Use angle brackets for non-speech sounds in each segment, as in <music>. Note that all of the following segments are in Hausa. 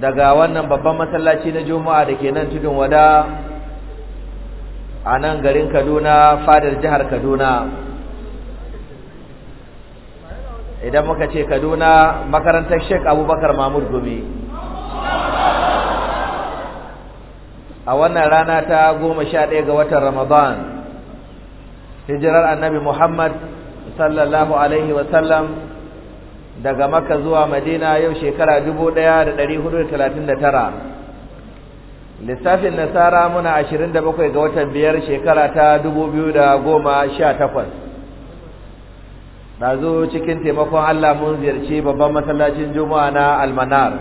daga wannan babban masallaci na juma'a da ke nan tudun wada a nan garin kaduna fadar jihar kaduna idan muka ce kaduna makarantar sheik abubakar mahmud gumi a wannan rana ta goma sha ɗaya ga watan ramadan hijirar annabi muhammad sallallahu alaihi wasallam daga maka zuwa madina yau shekara da tara. lissafin nasara muna ashirin da 27 ga watan biyar shekara ta da goma sha 2018 ɗazu cikin taimakon allah mun ziyarci babban masallacin juma'a na almanar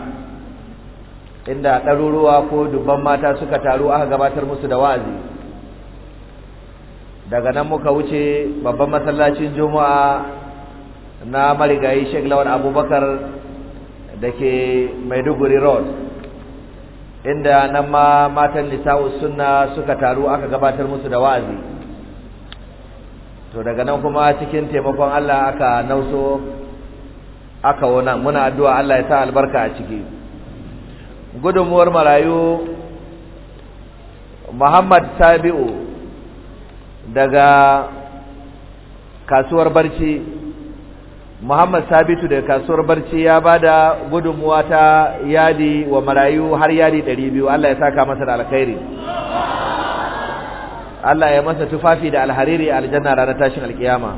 inda ɗaruruwa ko dubban mata suka taru aka gabatar musu da wa'azi daga nan muka wuce babban masallacin juma'a na marigayi Sheikh Lawan Abubakar da ke Maiduguri Road inda nan ma matan nisa'u sunna suka taru aka gabatar musu da wa'azi to daga nan kuma cikin taimakon Allah aka nauso aka wona muna addu'a Allah ya sa albarka a ciki gudunmuwar marayu Muhammad Sabiu daga kasuwar barci Muhammad Sabitu daga kasuwar Barci ya bada gudunmuwa ta yadi wa marayu har yadi 200 Allah ya saka masa da alkhairi Allah ya masa tufafi da alhariri a aljanna ranar tashin alkiyama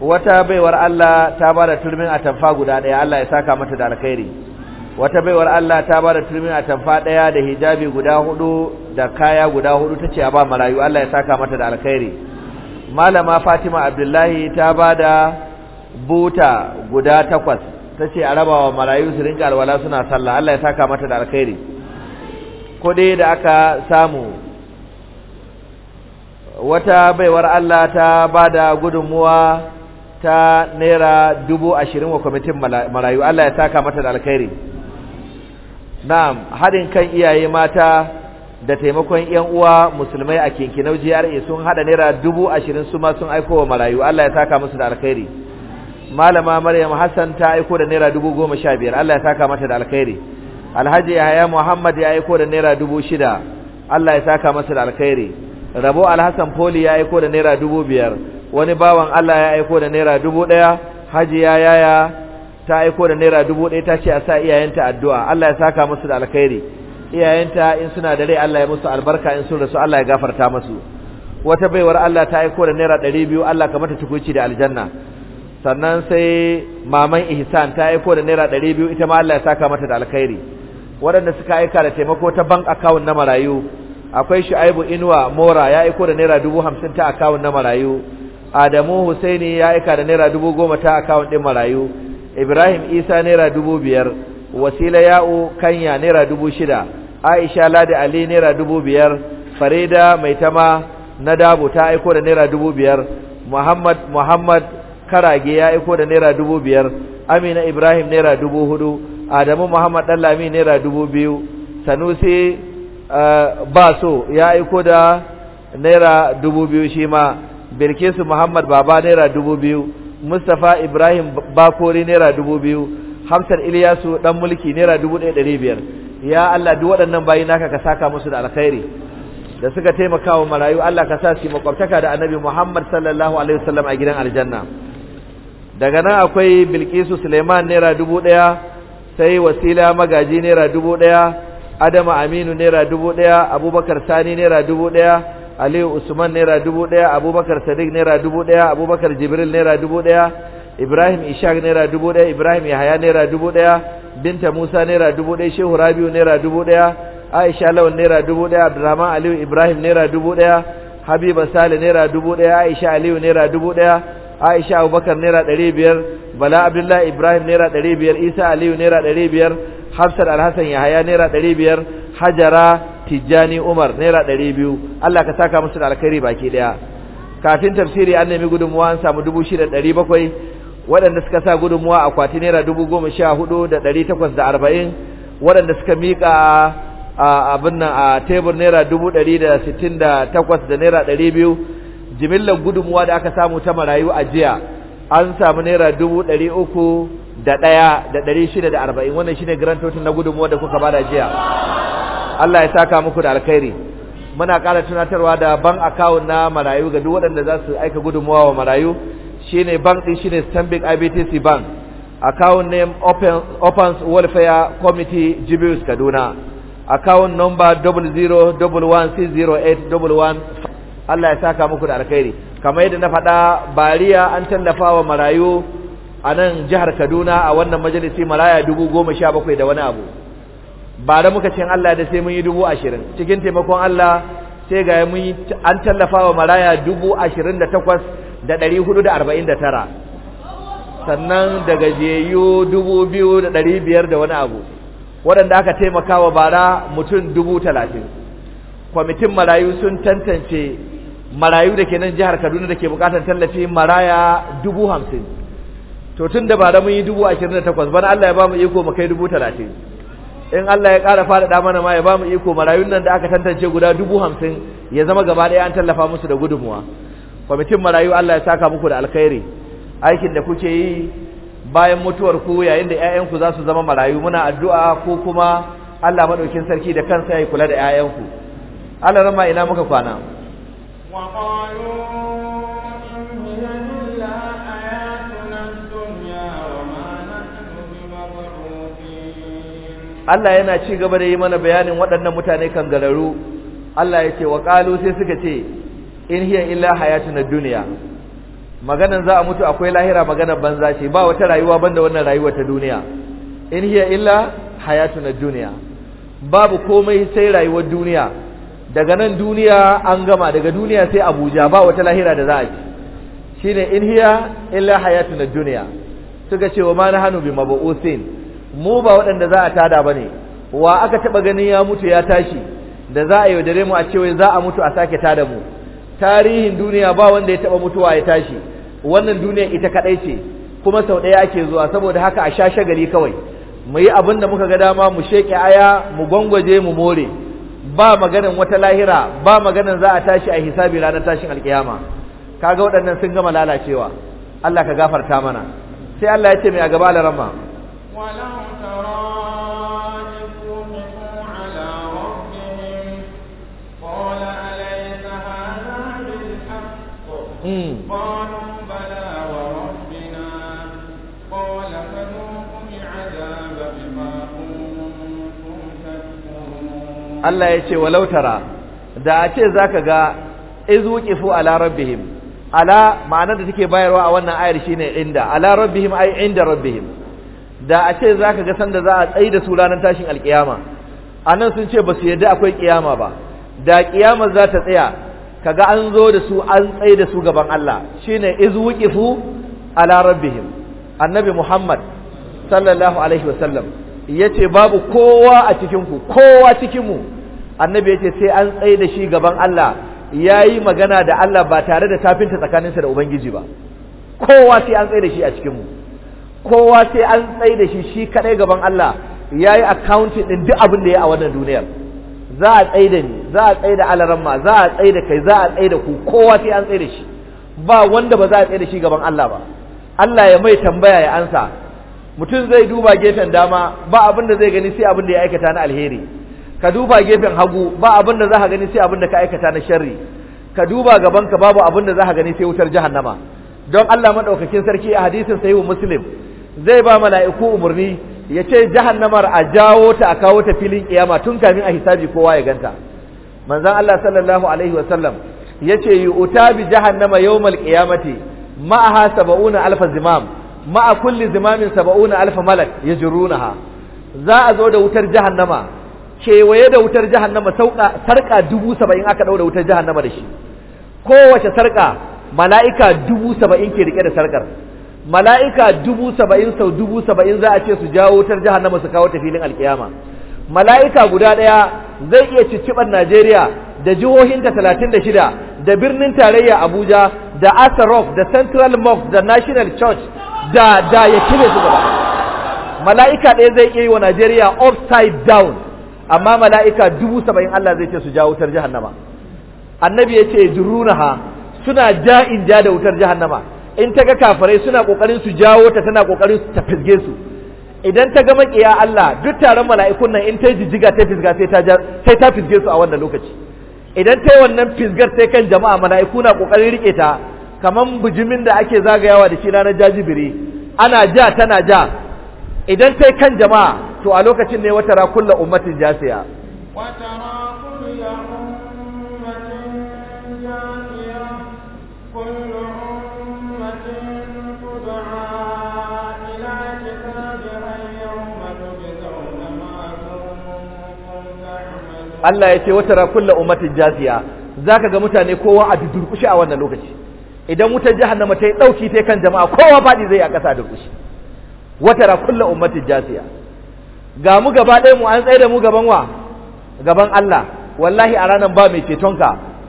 wata baiwar Allah ta bada turmin atamfa guda daya Allah ya saka mata da alkhairi wata baiwar Allah ta bada turmin atamfa daya da hijabi guda hudu da kaya guda hudu tace a ba marayu Allah ya saka mata da alkhairi malama Fatima Abdullahi ta bada buta guda takwas ta ce a raba wa marayu su rinka alwala suna sallah Allah ya saka mata da alkhairi kuɗi da aka samu wata baiwar Allah ta ba da gudunmuwa ta naira dubu ashirin wa kwamitin marayu Allah ya saka mata da alkhairi na'am haɗin kan iyaye mata da taimakon yan uwa musulmai a kinkinau GRA sun haɗa naira dubu ashirin su ma sun aiko wa marayu Allah ya saka musu da alkhairi malama maryam hassan ta aiko da naira dubu goma sha biyar allah ya saka mata da alkhairi alhaji yahaya muhammad ya aiko da naira dubu shida allah ya saka masa da alkhairi rabo alhassan poli ya aiko da naira dubu biyar wani bawan allah ya aiko da naira dubu ɗaya haji ya yaya ta aiko da naira dubu ɗaya ta ce a sa iyayenta addu'a allah ya saka masu da alkhairi iyayenta in suna da rai allah ya musu albarka in sun rasu allah ya gafarta masu wata baiwar allah ta aiko da naira ɗari biyu allah ka mata tukuci da aljanna sannan sai maman ihsan ta aiko da naira ɗari biyu ita ma Allah ya saka mata da alkhairi waɗanda suka aika da taimako ta bank account na marayu akwai shu'aibu inuwa mora ya aiko da naira dubu ta account na marayu adamu husaini ya aika da naira dubu ta account ɗin marayu ibrahim isa naira dubu biyar wasila ya'u kanya naira dubu shida aisha ladi ali naira dubu biyar farida Maitama tama na dabo ta aiko da naira dubu biyar muhammad muhammad karage ya aiko da naira dubu biyar amina ibrahim naira dubu hudu adamu muhammad Lami naira dubu biyu sanusi eh, baso ya aiko da naira dubu biyu shi ma bilkisu muhammad baba naira dubu biyu mustapha ibrahim bakori naira dubu biyu hamsar iliyasu ɗan mulki naira dubu ɗaya ɗari biyar ya allah duk waɗannan bayi naka ka saka musu da alkhairi da suka taimaka wa marayu Allah ka sa su yi da annabi Muhammad sallallahu alaihi wasallam a gidan aljanna daga nan akwai bilkisu suleiman naira dubu ɗaya sai wasila magaji naira dubu ɗaya adama aminu naira dubu ɗaya abubakar sani naira dubu ɗaya aliyu usman naira dubu ɗaya abubakar sadiq naira dubu ɗaya abubakar jibril naira dubu ɗaya ibrahim ishaq naira dubu ɗaya ibrahim yahaya naira dubu ɗaya binta musa naira dubu ɗaya shehu rabiu naira dubu ɗaya aisha lawan naira dubu ɗaya abdurrahman aliyu ibrahim naira dubu ɗaya habiba sale naira dubu ɗaya aisha aliyu naira dubu ɗaya aisha abubakar naira ɗari biyar bala abdullahi ibrahim naira ɗari biyar isa aliyu naira ɗari biyar hafsat alhassan yahaya naira ɗari biyar hajara tijjani umar naira ɗari biyu allah ka saka musu da alkhairi baki ɗaya kafin tafsiri an nemi gudunmuwa an samu dubu shida ɗari bakwai waɗanda suka sa gudunmuwa akwati naira dubu goma sha hudu da ɗari takwas da arba'in waɗanda suka miƙa abin nan a tebur naira dubu ɗari da sittin da takwas da naira ɗari biyu jimillar gudunmuwa da aka samu ta marayu a jiya an samu naira dubu ɗari uku da ɗaya da ɗari shida da arba'in wannan shine garantotin na gudunmuwa da kuka bada jiya Allah ya saka muku da alkhairi muna ƙara tunatarwa da ban akawun na marayu ga duk waɗanda za su aika gudunmuwa wa marayu shine bank ɗin ne Stanbic IBTC bank account name open, opens welfare committee Jibius Kaduna account number 001160811 Allah ya saka muku da alkhairi kamar yadda na faɗa bariya an tallafa wa marayu a nan jihar Kaduna a wannan majalisi maraya dubu goma sha bakwai da wani abu ba da muka cin Allah da sai mun yi dubu ashirin cikin taimakon Allah sai ga mun yi an tallafa wa maraya dubu ashirin da takwas da ɗari da arba'in da tara sannan da gajiyayyu dubu biyu da ɗari biyar da wani abu waɗanda aka taimaka wa bara mutum dubu talatin kwamitin marayu sun tantance marayu da ke nan jihar kaduna da ke bukatar tallafi maraya dubu hamsin to tun da bara mun yi dubu ashirin da takwas bana allah ya ba mu iko mu kai dubu talatin in allah ya ƙara faɗaɗa mana ma ya ba mu iko marayun nan da aka tantance guda dubu hamsin ya zama gaba ɗaya an tallafa musu da gudunmuwa kwamitin marayu allah ya saka muku da alkhairi aikin da kuke yi bayan mutuwar ku yayin da 'ya'yanku za su zama marayu muna addu'a ko kuma allah maɗaukin sarki da kansa ya kula da 'ya'yanku Allah rama ina muka kwana Allah yana ci gaba da yi mana bayanin waɗannan mutane kan galaru Allah ya ce wa ƙalu sai suka ce in hiya illa hayatu na duniya maganan za a mutu akwai lahira maganar banza ce ba wata rayuwa banda wannan rayuwa ta duniya in hiya illa hayatu na duniya babu komai sai rayuwar duniya daga nan duniya an gama daga duniya sai abuja ba wata lahira da za a ci shine in hiya illa hayatun ad duniya suka ce wa ma nahanu bi mabu'usin mu ba waɗanda za a tada bane wa aka taba ganin ya mutu ya tashi da za a yi mu a cewa za a mutu a sake tada mu tarihin duniya ba wanda ya taba mutuwa ya tashi wannan duniya ita kadai ce kuma sau ɗaya ake zuwa saboda haka a sha shagali kawai mu yi abin da muka ga dama mu sheke aya mu gwangwaje mu more ba maganin wata lahira ba maganin za a tashi a hisabi ranar tashin alkiyama kaga waɗannan sun gama lalacewa Allah ka gafarta mana sai Allah ya ce mai a gaba Mm. Allah ya ce walautara da a ce za ka ga izu kifu ala rabbihim ala ma'anar da take bayarwa a wannan ayar shine inda ala rabbihim ay inda rabbihim da a ce za ka ga sanda za a tsayi da su ranar tashin alkiyama anan sun ce ba su yadda akwai kiyama ba da kiyama za ta tsaya ga an zo da su an tsaye da su gaban Allah shine izu wuqifu ala rabbihim annabi Muhammad sallallahu alaihi wasallam yace babu kowa a cikinku kowa cikin mu annabi ya ce sai an tsaye da shi gaban Allah ya yi magana da Allah ba tare da tafinta tsakaninsa da Ubangiji ba kowa sai an tsaye da shi a cikinmu kowa sai an tsaye da shi shi kaɗai gaban Allah ya yi accounting ɗin duk abin da ya a wannan duniyar za a tsaye da ni za a tsaye da alaramma za a tsaye da kai za a tsaye da ku kowa sai an tsaye da shi ba wanda ba za a tsaye da shi gaban Allah ba Allah ya mai tambaya ya ansa mutum zai duba gefen dama ba abin da zai gani sai abin da ya aikata na alheri ka duba gefen hagu ba abin da za ka gani sai abin da ka aikata na sharri ka duba gaban ka babu abin da za ka gani sai wutar jahannama don Allah madaukakin sarki a hadisin sahihu muslim zai ba mala'iku umarni ya ce jahannamar a jawo ta a kawo ta filin kiyama tun kamin a hisabi kowa ya ganta manzon Allah sallallahu alaihi wa sallam yace yu'ta bi jahannama yawmal qiyamati ma'aha 70 alf zimam ma'a kulli zimamin 70 alf malak yajrunaha za a zo da wutar jahannama kewaye da wutar jahannama sauka sarka dubu saba'in aka ɗaura wutar jahannama da shi kowace sarka mala'ika dubu saba'in ke rike da sarkar mala'ika dubu saba'in sau dubu saba'in za a ce su jawo wutar jahannama su kawo ta filin alkiyama mala'ika guda ɗaya zai iya cicciɓar najeriya da jihohinta talatin da shida da birnin tarayya abuja da asarok da central mosque da national church da da ya kire su gaba mala'ika ɗaya zai iya yi wa najeriya upside down amma mala'ika dubu saba'in Allah zai ce su ja wutar jahannama annabi ya ce jurunaha suna ja in ja da wutar jahannama in ta ga kafirai suna kokarin su jawo ta tana kokarin ta fisge su idan ta ga makiya Allah duk taron mala'ikun nan in ta yi jijjiga ta fisga sai ta sai ta fisge su a wannan lokaci idan ta yi wannan fisgar sai kan jama'a mala'iku na kokarin rike ta kaman bijimin da ake zagayawa da shi ranar jajibiri ana ja tana ja idan ta kan jama'a to a lokacin ne wata ra ummatin jasiya wata ra kullu Allah wata rakulla kullu ummatin jasiya zaka ga mutane kowa a durkushi a wannan lokaci idan wutar jahannama ta yi dauki ta kan jama'a kowa fadi zai a kasa durkushi wata rakulla kullu ummatin jasiya ga mu gaba ɗaya mu an tsaye da mu gaban wa gaban Allah wallahi a ranar ba mai ka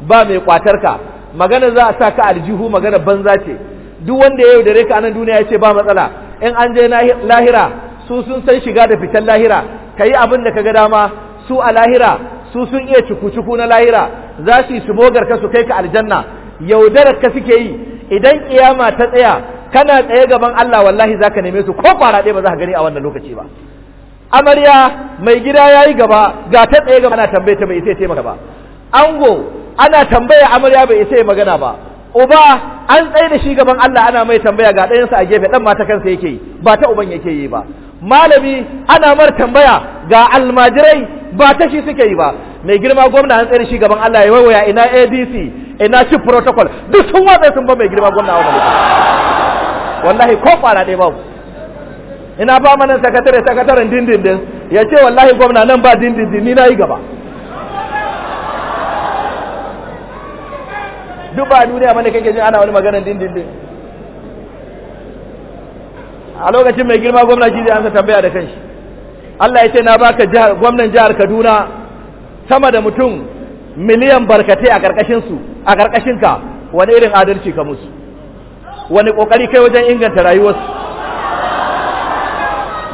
ba mai kwatarka magana za a sa ka aljihu magana banza ce duk wanda ya yaudare ka anan duniya ya ce ba matsala in an je lahira su sun san shiga da fitan lahira ka yi abin da ka ga dama su a lahira su sun iya cuku-cuku na lahira za su yi su mogarka su kai ka aljanna yaudarar ka suke yi idan kiyama ta tsaya kana tsaye gaban Allah wallahi zaka neme su ko kwara ɗaya ba za ka gani a wannan lokaci ba amarya mai gida ya yi gaba ga ta tsaye gaba ana tambaye ta bai ya taimaka ba ango ana tambaya amarya bai ya magana ba uba an tsaye da shi gaban Allah ana mai tambaya ga ɗayansa a gefe ɗan mata kansa yake yi ba ta uban yake yi ba malami ana mar tambaya ga almajirai ba ta shi suke yi ba mai girma gwamna an tsaye da shi gaban Allah ya waiwaya ina ADC ina chief protocol duk sun watsa sun ba mai girma gwamna a wallahi ko fara ɗaya ba ina ba manan sakatare sakataren dindindin ya ce wallahi gwamna nan ba dindindin ni na yi gaba duk ba duniya mana kake jin ana wani maganar dindindin a lokacin mai girma gwamna shi zai amsa tambaya da kanshi Allah ya ce na baka jihar gwamnan jihar Kaduna sama da mutum miliyan barkatai a karkashin su a karkashin ka wani irin adalci ka musu wani kokari kai wajen inganta rayuwarsu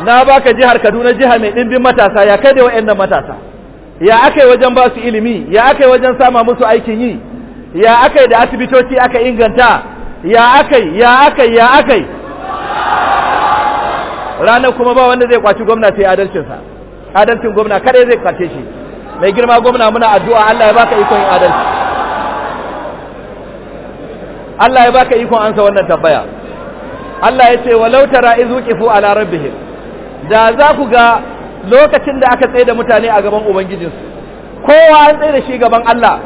na baka jihar Kaduna jiha mai dimbin matasa ya kai da waɗannan matasa ya akai wajen ba su ilimi ya akai wajen sama musu aikin yi ya akai da asibitoci aka inganta ya akai ya akai ya akai ranar kuma ba wanda zai kwaci gwamna sai sa adalcin gwamna kada zai kwace shi mai girma gwamna muna addu'a Allah ya baka ikon adalci Allah ya baka ikon ansa wannan tabbaya Allah ya ce walau tara izu qifu ala rabbihim da za ku ga lokacin da aka tsaye da mutane a gaban ubangijinsu kowa an tsaye da shi gaban Allah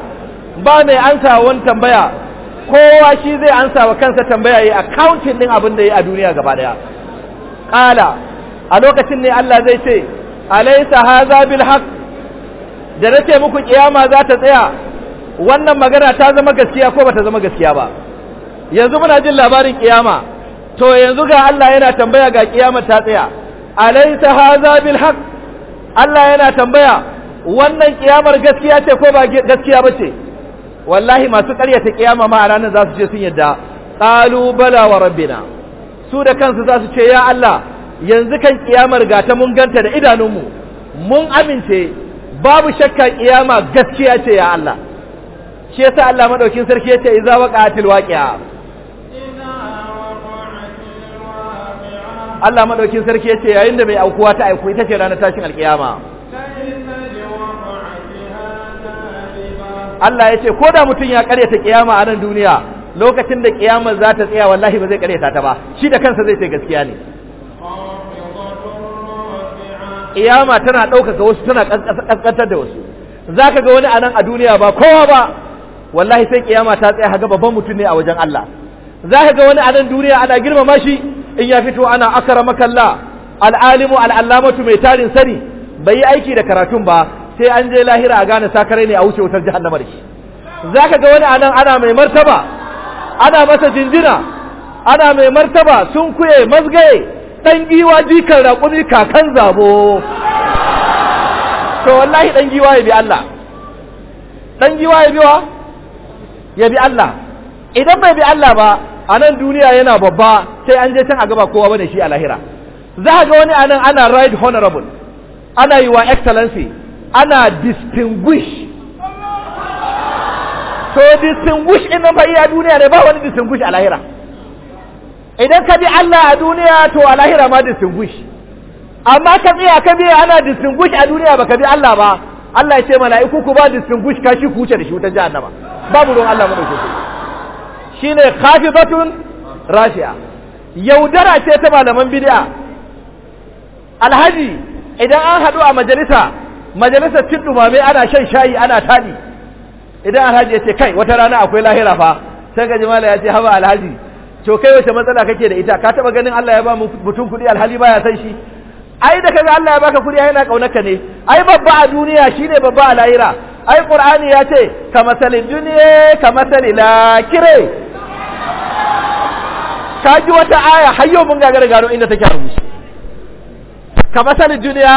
ba mai ansa wani tambaya kowa shi zai ansa wa kansa tambaya yi accounting din abin da yi a duniya gaba daya kala a lokacin ne Allah zai ce alaysa haza bil haqq da nace muku kiyama za ta tsaya wannan magana ta zama gaskiya ko ba ta zama gaskiya ba yanzu muna jin labarin kiyama to yanzu ga Allah yana tambaya ga kiyama ta tsaya alaysa hadha bil haqq Allah yana tambaya wannan kiyamar gaskiya ce ko ba gaskiya bace wallahi masu ta kiyama ma a ranar za su ce sun yadda qalu bala wa rabbina su da kansu za su ce ya Allah yanzu kan kiyamar ga ta mun ganta da idanunmu mun amince babu shakka kiyama gaskiya ce ya Allah shi yasa Allah madaukin sarki yace idza waqa'atil waqi'a Allah madaukin sarki yace yayin da mai aukuwa ta aiku ita ce ranar tashin alkiyama Allah yace ko da mutum ya karyata kiyama a nan duniya lokacin da kiyama za ta tsaya wallahi ba zai karyata ta ba shi da kansa zai ce gaskiya ne kiyama tana ɗaukaka wasu tana ƙasƙantar da wasu zaka ga wani nan a duniya ba kowa ba wallahi sai kiyama ta tsaya ga babban mutum ne a wajen Allah zaka ga wani nan duniya ana girmama shi in ya fito ana akara makalla al'alimu al'allamatu mai tarin sani bai yi aiki da karatun ba sai an je lahira a gane sakare ne a wuce wutar jahannama da shi zaka ga wani anan ana mai martaba ana masa jinjina ana mai martaba sun kuye mazgaye dan giwa jikan raƙumi kakan zabo to wallahi dan giwa ya bi Allah dan giwa ya biwa ya bi Allah idan bai bi Allah ba a nan duniya yana babba sai an je can a gaba kowa bane shi a lahira za ga wani anan ana right honorable ana yi wa excellency ana distinguish to distinguish in nan iya duniya ne ba wani distinguish a lahira idan ka bi Allah a duniya to a lahira ma distinguish amma ka tsaya ka bi ana distinguish a duniya baka bi Allah ba Allah ya ce mala'iku ku ba distinguish kashi ku wuce da shi wutar jahannama babu ruwan Allah shi shine khafifatun rashiya yaudara ce ta malaman bid'a alhaji idan an haɗu a majalisa majalisa cin dumame ana shan shayi ana taɗi. idan alhaji ya ce kai wata rana akwai lahira fa sai ga jimala ya ce haba alhaji to kai wace matsala kake da ita ka taba ganin Allah ya ba mutum kuɗi alhali baya san shi ai da kaga Allah ya baka kuɗi ai yana ka ne ai babba a duniya shine babba a lahira ai qur'ani ya ce ka masalin duniya ka masali lakire ka ji wata aya har yau mun gagara gano inda take a rubuce ka masalin duniya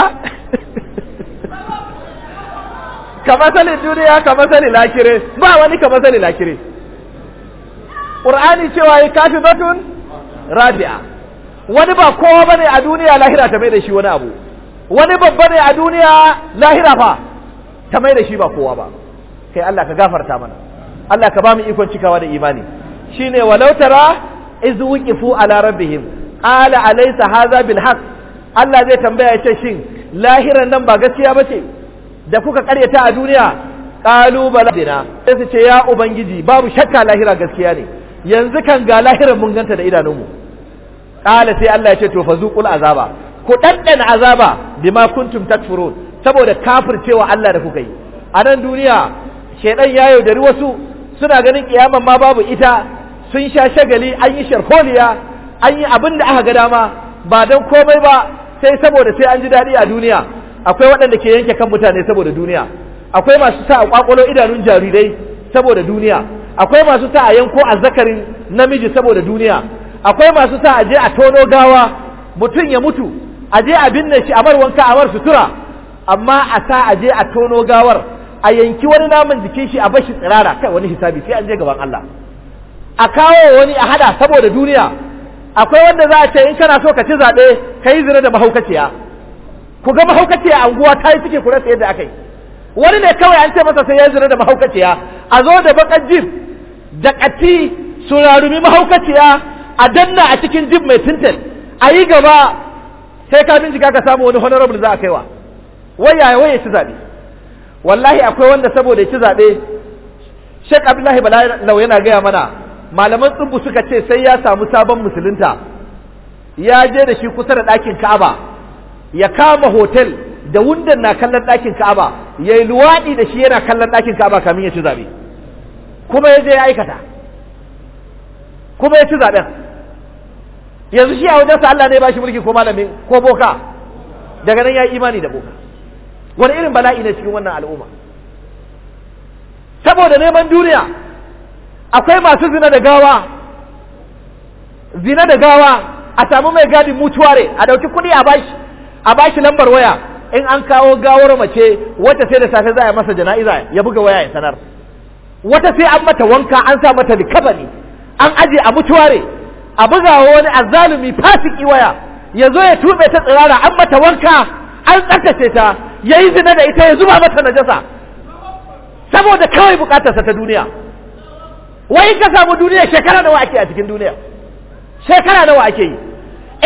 ka masalin duniya ka masalin lakire ba wani ka masalin lakire ƙur'ani cewa ya kafi batun rabia wani ba kowa bane a duniya lahira ta mai da shi wani abu wani babba ne a duniya lahira fa ta mai da shi ba kowa ba kai Allah ka gafarta mana Allah ka ba mu ikon cikawa da imani shine walau tara iz wuqifu ala rabbihim qala alaysa hadha bil haqq Allah zai tambaya ya ce shin lahiran nan ba gaskiya bace da kuka karyata a duniya qalu baladina sai su ce ya ubangiji babu shakka lahira gaskiya ne yanzu kan ga lahiran mun ganta da idanunmu qala sai Allah ya ce to fazuqul azaba ku daddana azaba bima kuntum takfurun saboda kafircewa Allah da kuka yi a nan duniya shedan ya da wasu suna ganin kiyaman ma babu ita sun sha shagali an yi sharholiya an yi abin da aka ga dama ba don komai ba sai saboda sai an ji daɗi a duniya akwai waɗanda ke yanke kan mutane saboda duniya akwai masu sa a kwakwalo idanun jarirai saboda duniya akwai masu sa a yanko azzakarin namiji saboda duniya akwai masu sa a je a tono gawa mutum ya mutu a je a binne shi a mar wanka a mar sutura amma a sa a je a tono gawar a yanki wani naman jikin shi a bashi tsirara kai wani hisabi sai an je gaban Allah a kawo wani a hada saboda duniya akwai wanda za a ce in kana so ka ci zaɓe ka yi zina da mahaukaciya ku ga mahaukaciya anguwa ta yi suke ku rasa yadda aka yi wani ne kawai an ce masa sai ya zira da mahaukaciya a zo da bakan jib da kati su rarumi mahaukaciya a danna a cikin jib mai tintin a yi gaba sai ka bincika ka samu wani honorable za a kaiwa wai yaya wai ya ci zaɓe wallahi akwai wanda saboda ya ci zaɓe Sheikh Abdullahi Bala yana gaya mana malaman tsubu suka ce sai ya samu sabon musulunta ya je da shi kusa da ɗakin ka'aba ya kama hotel da wundan na kallon ɗakin ka'aba ya yi luwaɗi da shi yana kallon ɗakin ka'aba kamin ya ci zaɓe kuma ya je ya aikata kuma ya ci zaɓen yanzu shi a wajensa Allah ne ba shi mulki ko malamin ko boka daga nan ya yi imani da boka wani irin bala'i ne cikin wannan al'umma saboda neman duniya akwai masu zina da gawa zina da gawa a samu mai gadi mutuware a dauki kuɗi a bashi a bashi lambar waya in an kawo gawar mace wata sai da safe za a masa jana'iza ya buga waya ya sanar wata sai an mata wanka an sa mata likabani an aje a mutuware a buga wani azzalumi fasiki waya ya zo ya tube ta tsirara an mata wanka an tsarkace ta ya yi zina da ita ya zuba mata najasa saboda kawai bukatarsa ta duniya wai ka samu duniya shekara nawa ake a cikin duniya shekara nawa ake yi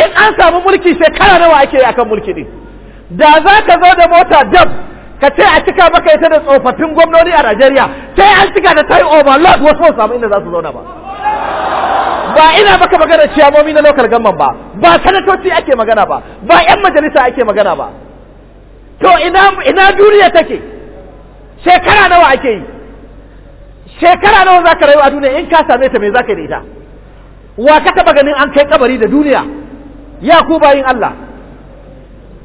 in an samu mulki shekara nawa ake yi akan mulki din da za ka zo da mota dab ka ce a cika maka ita da tsofaffin gwamnoni a Najeriya sai an cika da tai overload wasu samu inda za su zauna ba ba ina maka magana ciyamomi na local gamman ba ba sanatoci ake magana ba ba yan majalisa ake magana ba to ina ina duniya take shekara nawa ake yi shekara nawa ka rayu a duniya in ka same ta me yi da ita wa ka taba ganin an kai kabari da duniya ya ku bayin Allah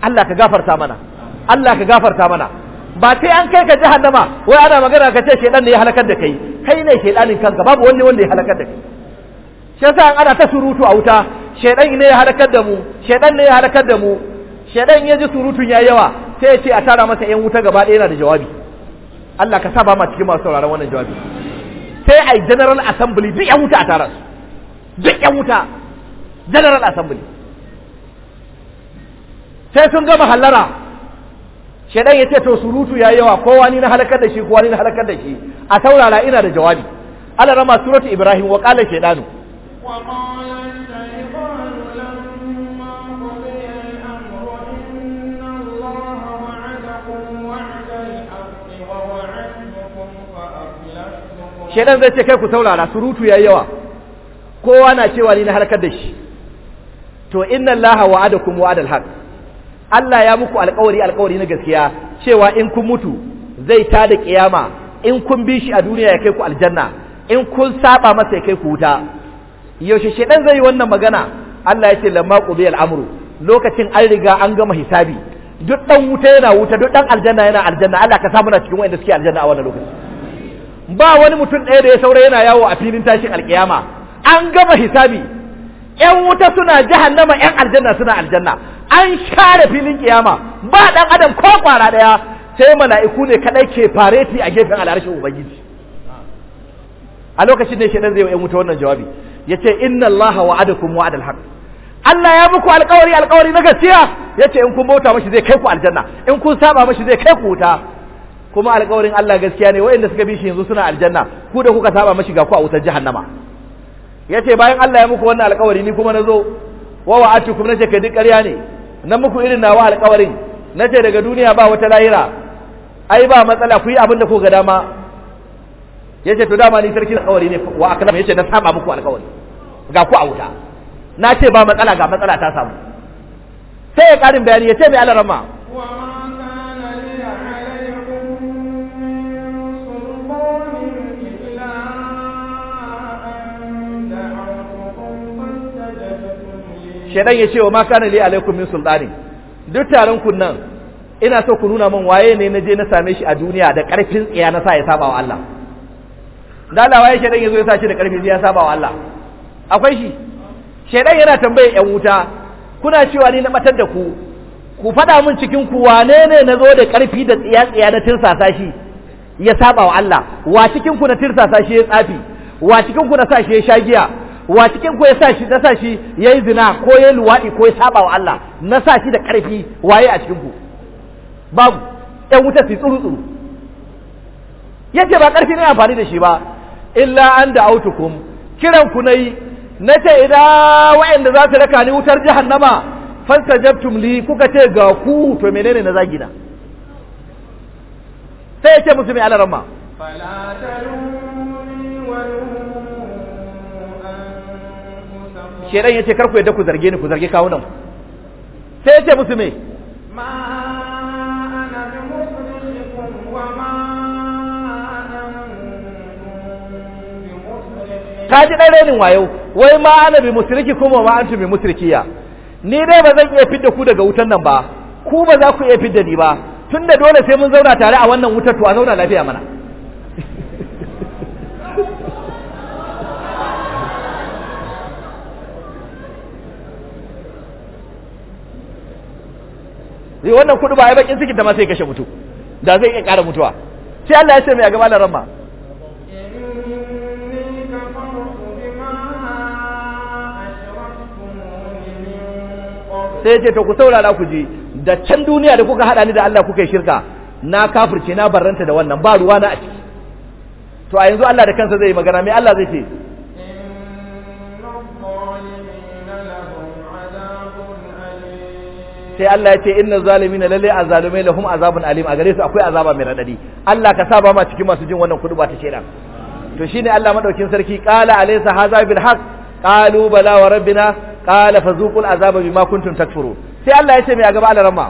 Allah ka gafarta mana Allah ka gafarta mana ba sai an kai ka jahannama wai ana magana ka ce shedan ne ya halakar da kai kai ne shedanin kanka babu wani wanda ya halakar da kai shi yasa ana ta surutu a wuta shedan ne ya halakar da mu shedan ne ya halakar da mu shedan ya ji surutun ya yawa sai ya ce a tara masa yan wuta gaba ɗaya yana da jawabi Allah ka sa ba ma cikin masu sauraron wannan jawabi sai a general assembly duk yan wuta a tara su duk yan wuta general assembly sai sun gama hallara shedan ya ce to surutu yayi yawa kowa ni na halakar da shi kowa ni na halakar da shi a taurara ina da jawabi ala rama suratu ibrahim wa qala shedanu wa shedan zai ce kai ku saurara surutu yayi yawa kowa na cewa ni na harkar da shi to inna allaha wa'adakum wa'adal haq Allah ya muku alƙawari alƙawari na gaskiya cewa in kun mutu zai ta da kiyama in kun bi shi a duniya ya kai ku aljanna in kun saba masa ya kai ku wuta yaushe shedan zai yi wannan magana Allah ya ce lamma qubi al-amru lokacin an riga an gama hisabi duk dan wuta yana wuta duk dan aljanna yana aljanna Allah ka samu na cikin wanda suke aljanna a wannan lokacin. ba wani mutum ɗaya da ya saura yana yawo a filin tashin alkiyama an gama hisabi yan wuta suna jahannama yan aljanna suna aljanna an share filin kiyama ba ɗan adam ko kwara daya sai mala'iku ne kadai ke fareti a gefen al'arshin ubangiji a lokacin ne shedan zai yi wuta wannan jawabi yace inna allaha wa'adakum wa'adal haqq Allah ya muku alƙawari alƙawari na gaskiya ce in kun bauta mashi zai kai ku aljanna in kun saba mashi zai kai ku wuta kuma alƙawarin Allah gaskiya ne waɗanda suka bi shi yanzu suna aljanna ku da kuka saba mashi ga ku a wutar jahannama yace bayan Allah ya muku wannan alƙawari ni kuma nazo wa na nace ka duk ƙarya ne nan muku irin nawa alƙawarin nace daga duniya ba wata lahira ai ba matsala ku yi abin da ku ga dama yace to dama ni sarki alƙawari ne wa ya yace na saba muku alƙawari ga ku a wuta na ce ba matsala ga matsala ta samu sai ya ƙarin bayani ya ce mai alarama shedan ya ce wa ma kana li alaikum min sultani duk taron kun nan ina so ku nuna min waye ne na je na same shi a duniya da karfin tsiya na sa ya saba wa Allah dala waye shedan ya zo ya sa shi da karfin ya saba wa Allah akwai shi shedan yana tambaye yan wuta kuna cewa ni na batar da ku ku faɗa min cikin ku wane ne na da ƙarfi da tsiya-tsiya na tirsasa shi ya saba wa Allah wa cikin ku na tirsasa shi ya tsafi wa cikin ku na sashi ya sha giya wa cikin ko ya sa shi na sa shi yayi zina ko yayi luwadi ko ya saba wa Allah na sa shi da karfi waye a cikin ku babu ɗan wuta su tsuru tsuru yace ba karfi ne amfani da shi ba illa an da autukum kiran ku nayi nace idan wa'anda za su raka ni wutar jahannama fastajabtum li kuka ce ga ku to menene na zagina sai yace musu mai alaramma fala wa shedan yace kar ku yadda ku zarge ni ku zarge kawunan sai sai yace musu me ma ana bi wa ma ka ji dan renin wayo wai ma ana bi musriki wa ma antu bi musrikiya ni dai ba zan iya fidda ku daga wutan nan ba ku ba za ku iya fidda ni ba tunda dole sai mun zauna tare a wannan wutar to a zauna lafiya mana zai wannan kudu ba ya bakin cikin ta ma sai kashe mutu da zai iya ƙara mutuwa sai Allah ya ce mai a gaba da ramma sai ya ce to ku saurara ku ji da can duniya da kuka haɗa ni da Allah kuka yi shirka na kafirce na barranta da wannan ba ruwa na a ciki to a yanzu Allah da kansa zai yi magana mai Allah zai ce sai Allah ya ce inna zalimina lalle azalumai lahum azabun alim a gare su akwai azaba mai radadi Allah ka sa ba ma cikin masu jin wannan kudu ba ta sheda to shine Allah madaukin sarki qala alaysa hadha bil haqq qalu bala wa rabbina qala fazuqul azaba bima kuntum takfurun sai Allah ya ce mai a gaba alarama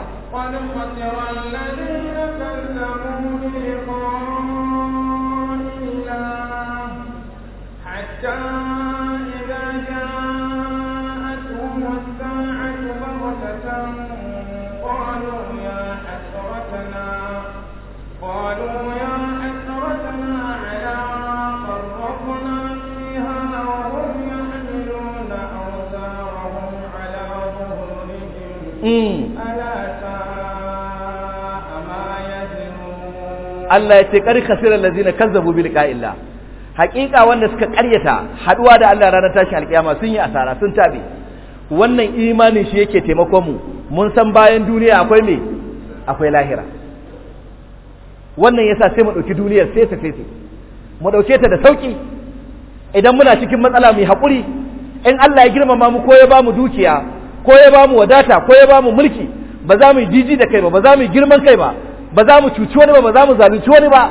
Mm. Allah ya ce kar khasiral kan zabu bil ƙa’illa, haƙiƙa wanda suka ƙaryata haɗuwa da Allah ranar tashi alƙiyama sun yi asara sun tabe wannan imanin shi yake taimakon mu mun san bayan duniya akwai me akwai lahira wannan ya sa sai mu ɗauki duniyar sai ta mu ɗauke ta da sauƙi idan muna cikin matsala mu haƙuri in Allah ya girmama mu ko ya ba mu dukiya ko ya bamu wadata ko ya bamu mulki ba za mu yi jiji da kai ba ba za mu yi girman kai ba ba za mu cuci wani ba ba za mu zalunci wani ba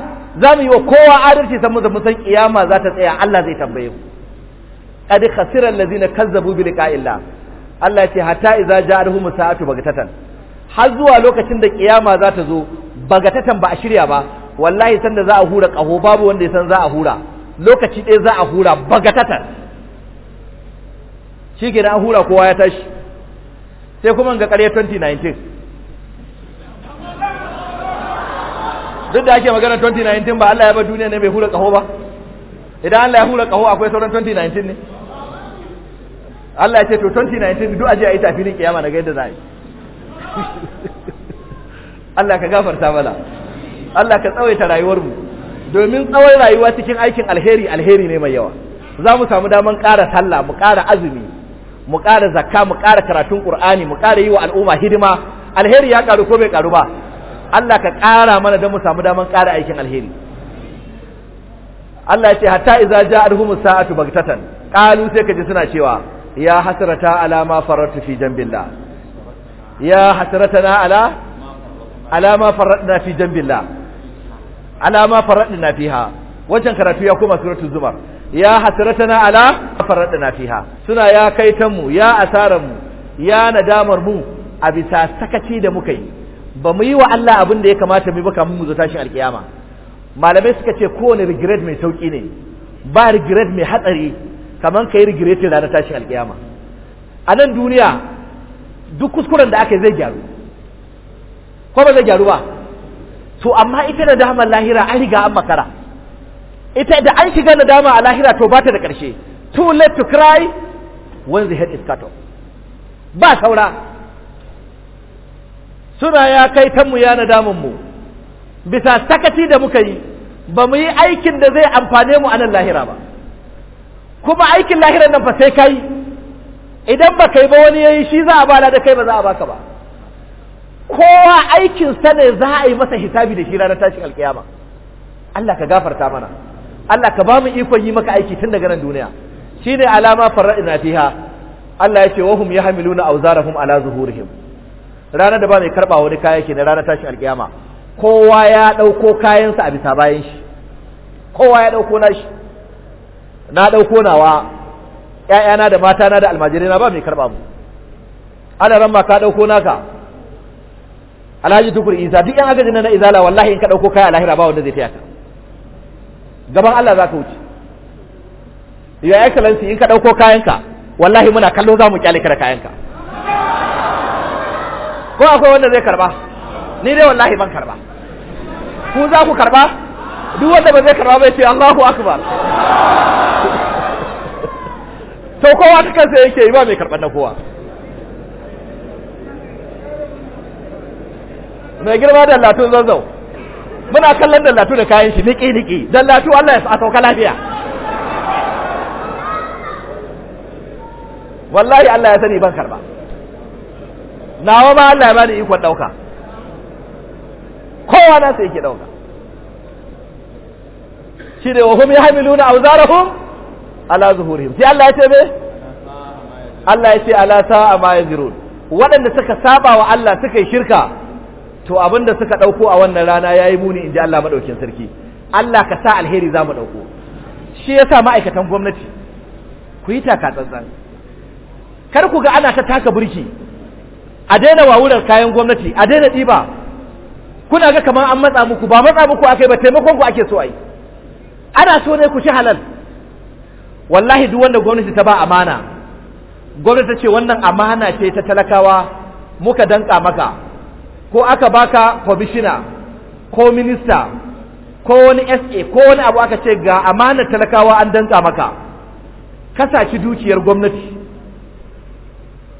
za mu yi wa kowa adalci san mu san kiyama za ta tsaya Allah zai tambaye mu qad khasira allazina kazzabu bi liqa'illah Allah ya ce hatta idza ja'alhum sa'atu bagatatan har zuwa lokacin da kiyama za ta zo bagatatan ba a shirya ba wallahi sanda za a hura kaho babu wanda ya san za a hura lokaci ɗaya za a hura bagatatan shi ke hura kowa ya tashi sai kuma ga ƙarya 2019 duk da ake magana 2019 ba Allah ya ba duniya ne bai hura ƙaho ba idan Allah ya hura ƙaho akwai sauran 2019 ne Allah ya ce to 2019 duk aje a yi tafilin kiyama na yadda za a yi <laughs> Allah ka gafarta mana Allah ka tsawaita rayuwarmu domin tsawon rayuwa cikin aikin alheri alheri ne mai yawa za mu samu daman ƙara sallah mu ƙara azumi mu ƙara zakka mu ƙara karatun qur'ani mu ƙara yi wa al'umma hidima alheri ya ƙaru ko bai ƙaru ba Allah ka ƙara mana don mu samu daman ƙara aikin alheri Allah ya ce hatta idza ja'atuhum sa'atu bagtatan qalu sai kaji suna cewa ya hasrata ala ma faratu fi jambillah ya hasratana ala ala ma faratna fi jambillah ala ma faratna fiha wajen karatu ya koma suratul zumar ya hasratana ala faradna fiha suna ya kaitan mu ya asaran mu ya nadamar mu a bisa sakaci da muka yi ba mu yi wa Allah abin da ya kamata mu ba kamun mu zo tashin alkiyama malamai suka ce kowane regret mai sauki ne ba regret mai hatsari kaman kai regret na tashin alkiyama a nan duniya duk kuskuren da aka zai gyaru ko ba zai gyaru ba to amma ita da damar lahira an riga an makara ita da an shiga nadama a lahira to ba ta da ƙarshe too late to cry when the head is cut off ba saura suna ya kai ta mu ya nadaman mu bisa sakaci da muka yi ba mu yi aikin da zai amfane mu a nan lahira ba kuma aikin lahirar nan fa sai kai idan ba kai ba wani yayi shi za a bala da kai ba za a baka ba kowa aikin sa ne za a yi masa hisabi da shi ranar tashin alkiyama Allah ka gafarta mana Allah ka ba mu ikon yi maka aiki tun daga nan duniya shine alama farra'ina fiha Allah ya ce wa hum yahmiluna awzarahum ala zuhurihim ranar da ba mai karba wani kaya kenan ranar tashi alkiyama kowa ya dauko kayansa a bisa bayan shi kowa ya dauko nashi na dauko nawa ƴaƴana da mata na da almajirai na ba mai karba mu ana ran ma ka dauko naka alhaji tukur isa duk yan agajin na izala wallahi in ka dauko kaya a lahira ba wanda zai taya ka gaban Allah za ka wuce ya excellency in ka ɗauko kayanka wallahi muna kallo za mu kyale ka da kayanka ko akwai wanda zai karba ni dai wallahi ban karba ku za ku karba duk wanda ba zai karba bai ce Allahu akbar <laughs> to kowa ta kansa yake yi ba mai karban na kowa mai girma da latun zazzau muna kallon dallatu da kayan shi niki niki dallatu Allah ya sa sauka lafiya wallahi Allah ya sani ban karba nawa ma Allah ya bani ikon dauka kowa na sai yake dauka shi da wahum yahmiluna awzarahum ala zuhurihim sai Allah ya ce me Allah ya ce ala sa'a ma yazirun waɗanda suka saba wa Allah suka yi shirka to abin da suka ɗauko a wannan rana ya yi muni in ji Allah maɗaukin sarki Allah ka sa alheri za mu ɗauko shi ya sa ma'aikatan gwamnati ku yi taka tsantsan kar ku ga ana ta taka burki a daina wawurar kayan gwamnati a daina ɗiba kuna ga kamar an matsa muku ba matsa muku akai ba taimakon ku ake so ai ana so ne ku ci halal wallahi duk wanda gwamnati ta ba amana gwamnati ta ce wannan amana ce ta talakawa muka danka maka ko aka baka kwamishina ko minista ko wani SA ko wani abu aka ce ga amanar talakawa an danka maka kasaci dukiyar gwamnati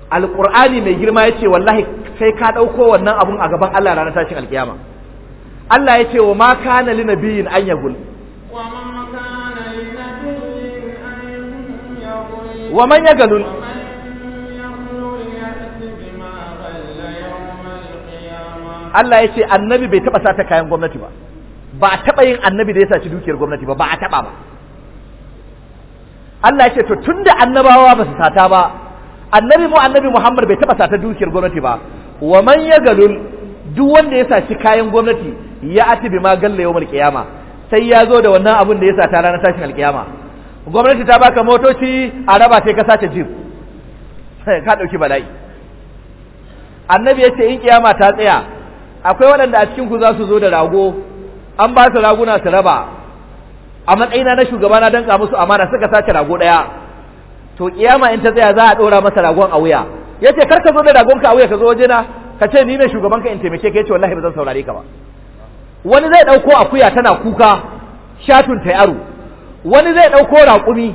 alƙur'ani mai girma ya ce wallahi sai ka ɗauko wannan abun a gaban Allah ranar tashin alkiyama Allah ya ce wa ma kana li nabiyin an yagul wa man yagalul Allah ya ce annabi bai taɓa sata kayan gwamnati ba ba a taɓa yin annabi da ya saci dukiyar gwamnati ba ba a taɓa ba Allah ya ce to tunda annabawa ba su sata ba annabi mu annabi Muhammad bai taɓa sata dukiyar gwamnati ba wa man yagalul duk wanda ya saci kayan gwamnati ya ati ma galla yawmal qiyama sai ya zo da wannan abun da ya sata ranar tashin alkiyama gwamnati ta baka motoci a raba sai ka sace jib <laughs> ka dauki bala'i annabi ya ce in kiyama ta tsaya akwai waɗanda a cikin ku za su zo da rago an ba su raguna su raba a matsayina na shugaba na danka musu amana suka sace rago ɗaya to kiyama in ta tsaya za a ɗora masa ragon a wuya yace kar ka zo da ragon ka a wuya ka zo waje na ka ce ni ne shugaban ka in taimake ka yace wallahi ba zan saurare ka ba wani zai ɗauko akuya tana kuka shatun ta yaro wani zai ɗauko raƙumi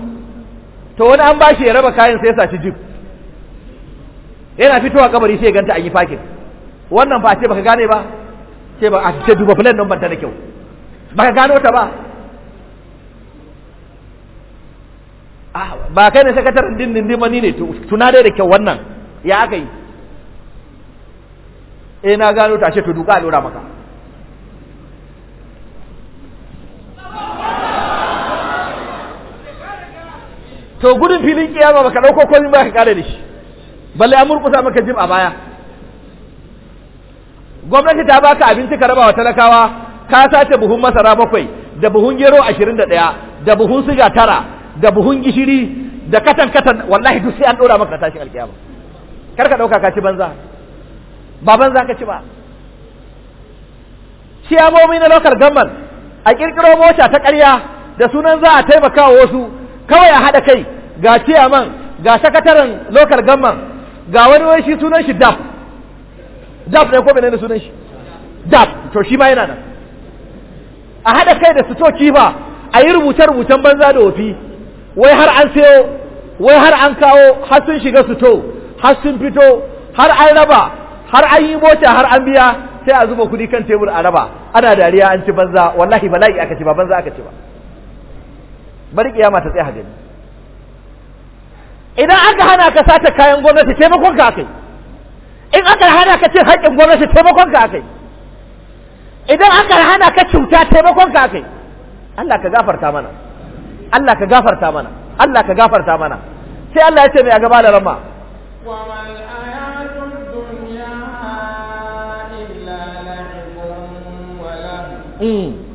to wani an ba shi ya raba kayan sai ya saci jib yana fitowa kabari sai ya ganta an yi fakin wannan ba ce baka gane ba ce ba a ce duba plan nan banta da kyau baka gano ta ba ah, ba kai ne sakataren din din dimani ne tuna dai da kyau wannan ya aka yi eh na gano ta ce to duka lura maka to gudun filin kiyama baka dauko komai ba ka kare da shi balle an murkusa maka jim a baya gwamnati ta baka abinci ka raba wa talakawa ka sace buhun masara bakwai da buhun gero ashirin da ɗaya da buhun siga tara da buhun gishiri da katan katan wallahi duk sai an ɗora maka tashin alkiyama kar ka ɗauka ka ci banza ba banza ka ci ba ciyamomi na lokar gamman a ƙirƙiro mota ta ƙarya da sunan za a taimaka wa wasu kawai a haɗa kai ga ciyaman ga sakataren lokar gamman ga wani wani shi sunan shi daf dab ne ko menene sunan shi dab to shi ma yana nan a haɗa kai da sitoci ba a yi rubuce-rubucen banza da wofi wai har an sayo wai har an kawo har sun shiga sito har sun fito har an raba har an yi mota har an biya sai a zuba kuɗi kan tebur a raba ana dariya an ci banza wallahi bala'i aka ci ba banza aka ci ba bari kiyama ta tsaya gani idan aka hana ka sata kayan gwamnati taimakon ka kai in aka hana ka cin haƙƙin gwamnati taimakon ka akai idan aka hana ka cuta taimakon ka akai Allah ka gafarta mana Allah ka gafarta mana Allah ka gafarta mana sai Allah ya ce mai a gaba da rama Mm.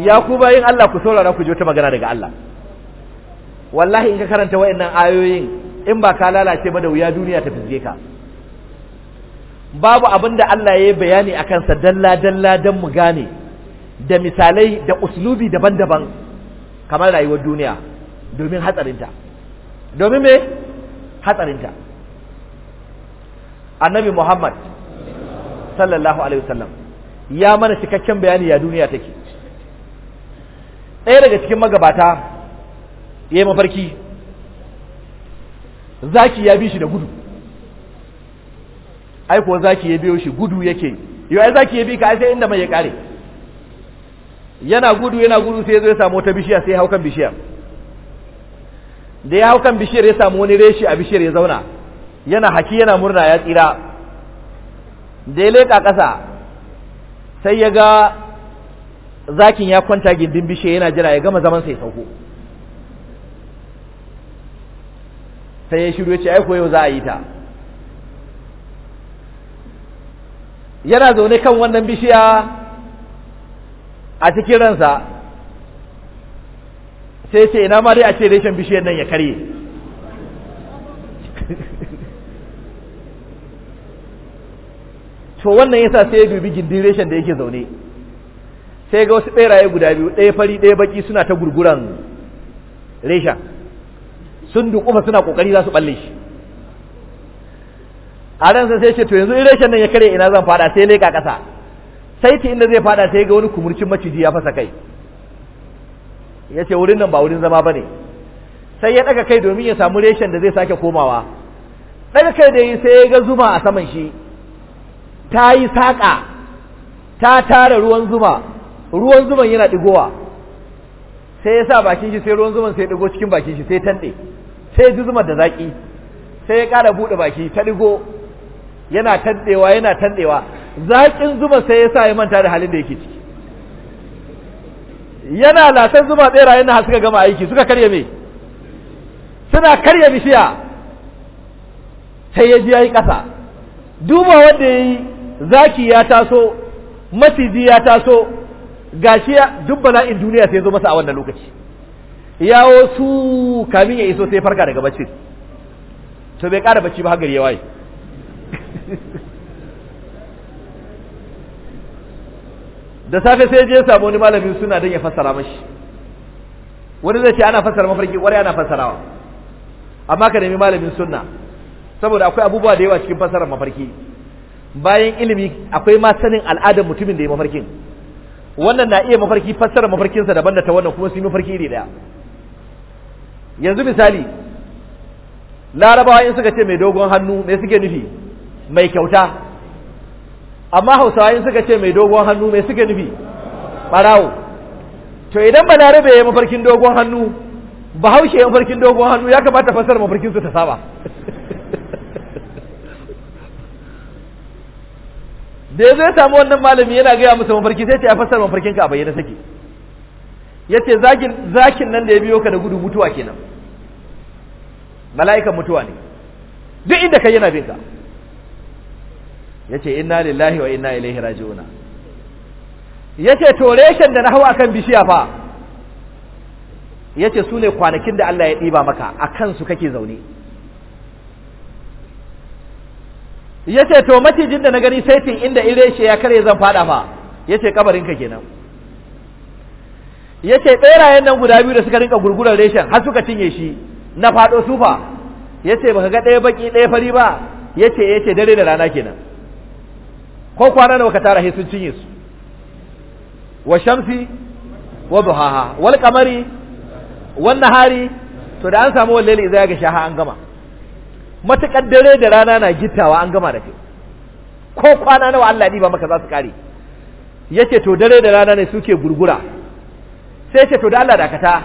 ya ku bayin Allah ku saurara ku ji wata magana daga Allah wallahi in ka karanta wayannan ayoyin in ba ka lalace ba da wuya duniya ta fizge ka babu abin da Allah ya yi bayani a kansa dalla dalla don mu gane da misalai da uslubi daban-daban kamar rayuwar duniya domin hatsarinta domin me hatsarinta annabi Muhammad sallallahu alaihi wasallam ya mana cikakken bayani ya duniya take ɗaya daga cikin magabata ya yi mafarki zaki ya bi shi da gudu Aiko zaki ya biyo shi gudu yake yau ai zaki ya bi ka ai sai inda mai ya kare yana gudu yana gudu sai ya zo ya samu wata bishiya sai ya hau kan bishiyar da ya hau kan bishiyar ya samu wani reshi a bishiyar ya zauna yana haki yana murna ya tsira da ya leƙa ƙasa sai ya ga zakin ya kwanta gindin bishe yana jira ya gama zaman sai sauko sai ya shiru ya ce ai ko yau za a yi ta yana zaune kan wannan bishiya a cikin ransa sai ce ina ma dai a ce reshen bishiyar nan ya karye to wannan yasa sai ya dubi gindin reshen da yake zaune sai ga wasu beraye guda biyu ɗaya fari ɗaya baki suna ta gurguran resha sun dukufa suna ƙoƙari za su balle shi a ran sai ce to yanzu in reshen nan ya kare ina zan fada sai leƙa ƙasa, sai ta inda zai fada sai ga wani kumurcin maciji ya fasa kai ya ce wurin nan ba wurin zama ba ne sai ya ɗaga kai domin ya samu reshen da zai sake komawa ɗaga kai da yi sai ya ga zuma a saman shi ta yi saƙa ta tara ruwan zuma ruwan zuban yana digowa sai ya sa bakin shi sai ruwan zuban sai digo cikin bakin shi sai tanɗe sai ya ji zumar da zaƙi sai ya ƙara buɗe baki ta digo yana tanɗewa yana tanɗewa zaƙin zuma sai ya sa ya manta da halin da yake ciki yana latan zuma ɓerayen na suka gama aiki suka karya me suna karya bishiya sai ya ji ya yi ƙasa duba wanda ya yi zaki ya taso maciji ya taso gashi duk bala'in duniya sai zo masa a wannan lokaci yawo su kamin ya iso sai farka daga bacci to bai kara bacci ba hagari ya waye <laughs> da safe sai je samu wani malamin suna don ya fassara mashi wani zai ce ana fassara mafarki wani ana fassarawa amma ka nemi malamin sunna saboda akwai abubuwa da yawa cikin fassarar mafarki bayan ilimi akwai ma sanin al'adar mutumin da ya mafarkin wannan na iya mafarki fassara mafarkinsa daban da ta wannan kuma su yi mafarki iri daya yanzu misali larabawa in suka ce mai dogon hannu me suke nufi mai kyauta amma hausawa in suka ce mai dogon hannu me suke nufi barawo to idan larabe ya mafarkin dogon hannu bahaushe ya mafarkin dogon hannu ya kamata fassara mafarkinsu ta saba <laughs> da ya zo ya samu wannan malami yana gaya masa mafarki sai ce a fassara mafarkin ka a bayyana sake Ya ce zakin nan da ya biyo ka da gudu mutuwa kenan mala'ikan mutuwa ne duk inda kai yana bin ka ce inna lillahi wa inna ilaihi raji'una Ya to reshen da na hawa akan bishiya fa ya ce su ne kwanakin da Allah ya diba maka akan su kake zaune yace to macijin da na gani saitin inda in reshe ya kare zan fada ma yace kabarin ka kenan yace berayen nan guda biyu da suka rinka gurguran reshen har suka cinye shi na fado sufa yace baka ga ɗaya baki ɗaya fari ba yace yace dare da rana kenan ko kwana da baka tara sun cinye su wa shamsi wa duhaha wal kamari wan nahari to da an samu wallahi idza ga shaha an gama matuƙar dare da rana na gittawa an gama da ke ko kwana nawa Allah ɗi ba maka za su kare yace to dare da rana ne suke gurgura sai ce to da Allah dakata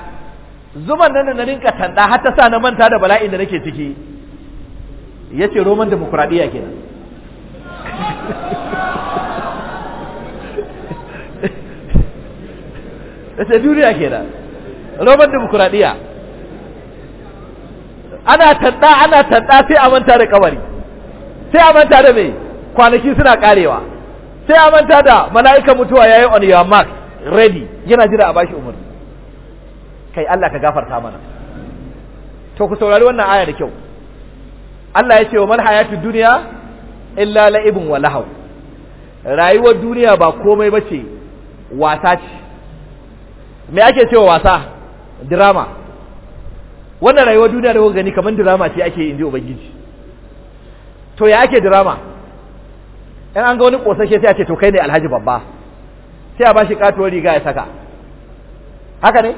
zuman nan na rinka tanda har ta sa na manta da bala'in da nake ciki yace roman demokradiya kenan <laughs> yace duniya kenan roman demokradiya ana tanda ana tanda sai a manta da kabari sai a manta da me kwanaki suna karewa sai a manta da mala'ika mutuwa yayi on your mark ready yana jira a bashi umarni kai Allah ka gafarta mana to ku saurari wannan aya da kyau Allah ya ce wa man hayatud dunya illa la'ibun wa lahaw rayuwar duniya ba komai bace wasa ce me ake cewa wasa drama wannan rayuwar duniya da gani kamar drama ce ake inda ubangiji to ya ake drama in an ga wani kosashe sai a ce to kai ne alhaji babba sai a ba shi katuwar riga ya saka haka ne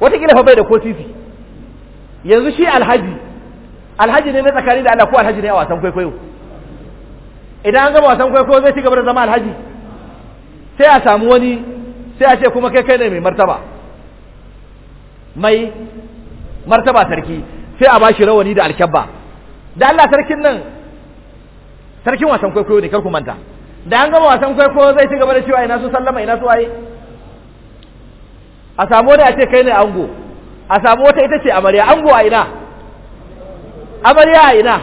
watakila fa bai da ko sisi yanzu shi alhaji alhaji ne na tsakani da Allah ko alhaji ne a wasan kwaikwayo idan an gama wasan kwaikwayo zai ci gaba da zama alhaji sai a samu wani sai a ce kuma kai kai ne mai martaba mai martaba sarki sai a bashi rawani da alkyabba da Allah sarkin nan sarkin wasan kwaikwayo ne kar ku manta da an gama wasan kwaikwayo zai ci gaba da cewa ina so sallama ina so waye a samu wani a ce kai ne ango a samu wata ita ce amarya ango a ina amarya a ina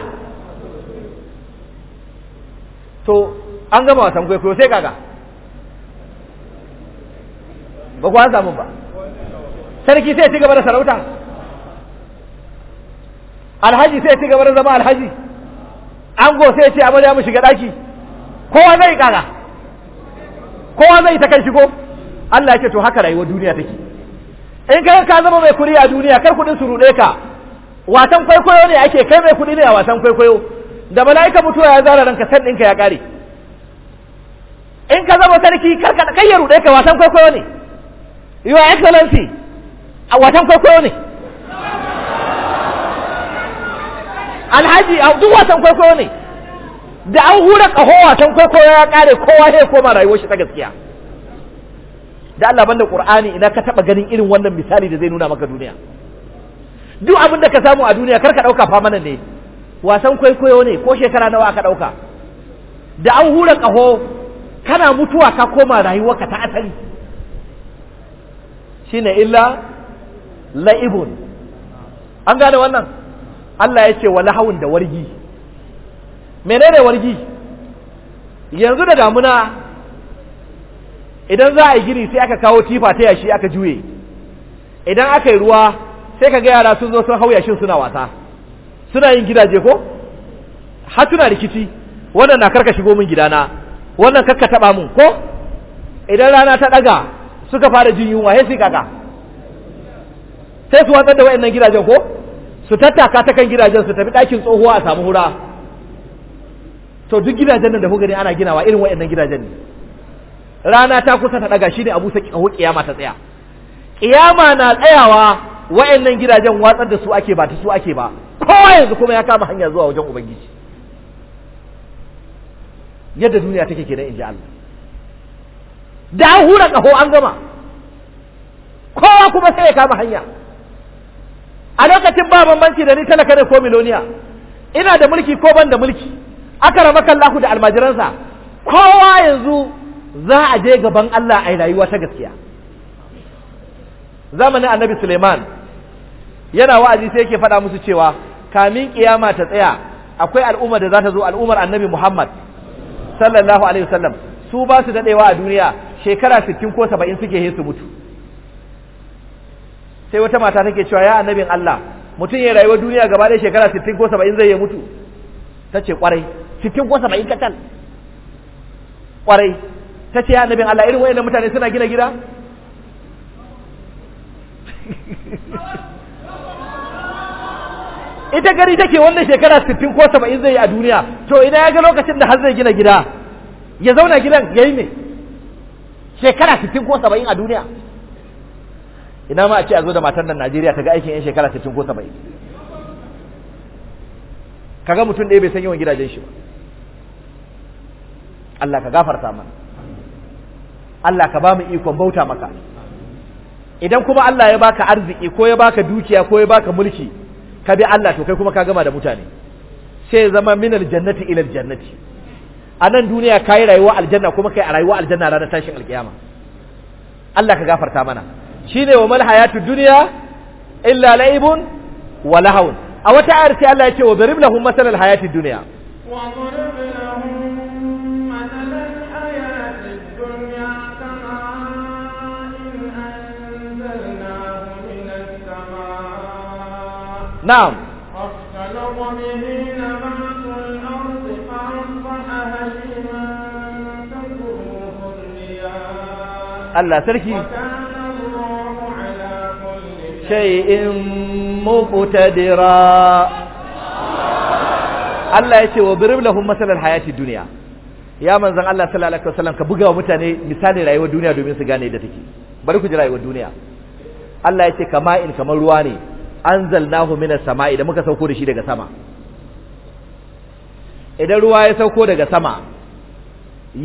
to an gama wasan kwaikwayo sai gaga ba ku an samu ba sarki sai ci gaba da sarautan alhaji sai ci gaba da zama alhaji ango sai ce amarya mu shiga daki kowa zai kara kowa zai ta kai shigo Allah yake to haka rayuwar duniya take in ka ka zama mai kuri a duniya kar kudin su rude ka wasan kwaikwayo ne ake kai mai kudi ne a wasan kwaikwayo da mala'ika mutuwa ya zara ranka san ɗinka ya kare in ka zama sarki kar ka ya rude ka wasan kwaikwayo ne your excellency a wasan kwaikwayo ne alhaji a duk wasan kwaikwayo ne da an hura kaho wasan kwaikwayo ya kare kowa ya koma rayuwar shi ta gaskiya da Allah banda Qur'ani ina ka taba ganin irin wannan misali da zai nuna maka duniya duk abin da ka samu a duniya kar ka dauka famana ne wasan kwaikwayo ne ko shekara nawa aka dauka da an hura kaho kana mutuwa ka koma rayuwarka ta asali shine illa la'ibun an gane wannan Allah ya ce wa lahawun da wargi menene wargi yanzu da damuna idan za a yi gini sai aka kawo tifa ta yashi aka juye idan aka yi ruwa sai ka ga yara sun zo sun hau yashin suna wasa suna yin gidaje ko hatuna rikici wannan na karka shigo min gidana wannan karka taba mun ko idan rana ta daga suka fara jin yunwa sai kaka sai su watsar da wayannan gidajen ko su tattaka ta kan gidajen su tafi ɗakin tsohuwa a samu hura to duk gidajen nan da ku gani ana ginawa irin waɗannan gidajen ne rana ta kusa ta ɗaga shi ne abu sai kiyama ta tsaya kiyama na tsayawa waɗannan gidajen watsar da su ake ba ta su ake ba kowa yanzu kuma ya kama hanya zuwa wajen ubangiji yadda duniya take kenan in ji Allah da hura kaho an gama kowa kuma sai ya kama hanya a lokacin ba bambanci da ni talaka ne ko miloniya ina da mulki ko ban da mulki aka rama kallahu da almajiransa kowa yanzu za a je gaban Allah a rayuwa ta gaskiya zamanin annabi suleiman yana wa'azi sai yake faɗa musu cewa kamin kiyama ta tsaya akwai al'ummar da za ta zo al'ummar annabi muhammad sallallahu alaihi wasallam su ba su daɗewa a duniya shekara 60 ko 70 suke yin su mutu sai wata mata take cewa ya annabin Allah mutum ya rayuwa duniya gaba ɗaya shekara 60 ko 70 zai ya mutu tace kwarai 60 ko 70 kacal kwarai tace ya annabin Allah irin wayannan mutane suna gina gida <laughs> ita gari take wannan shekara 60 ko 70 zai yi a duniya to idan ya ga lokacin da har zai gina gida ya zauna gidan yayi me shekara 60 ko 70 a duniya ina ma a ce a zo da matar nan Najeriya ta ga aikin yan shekara 60 ko 70 kaga mutum ɗaya bai san yawan gidajen shi ba Allah ka gafarta mana Allah ka ba mu ikon bauta maka idan kuma Allah ya baka arziki ko ya baka dukiya ko ya baka mulki ka bi Allah to kai kuma ka gama da mutane sai zama minal jannati ilal jannati a nan duniya ka yi rayuwa aljanna kuma kai a rayuwa aljanna ranar tashin alkiyama Allah ka gafarta mana shine wa mal hayatu dunya illa la'ibun wa lahawun a wata ayar sai Allah ya ce wa darib lahum masalal hayati dunya dunya kama na'am فاختلط به الله تركي shay'in muqtadira Allah yace wa birib lahum masalan hayati dunya ya manzon Allah sallallahu alaihi wasallam ka buga wa mutane misali rayuwar duniya domin su gane da take bari ku ji rayuwar duniya Allah yace kama in kamar ruwa ne anzalnahu minas sama'i da muka sauko da shi daga sama idan ruwa ya sauko daga sama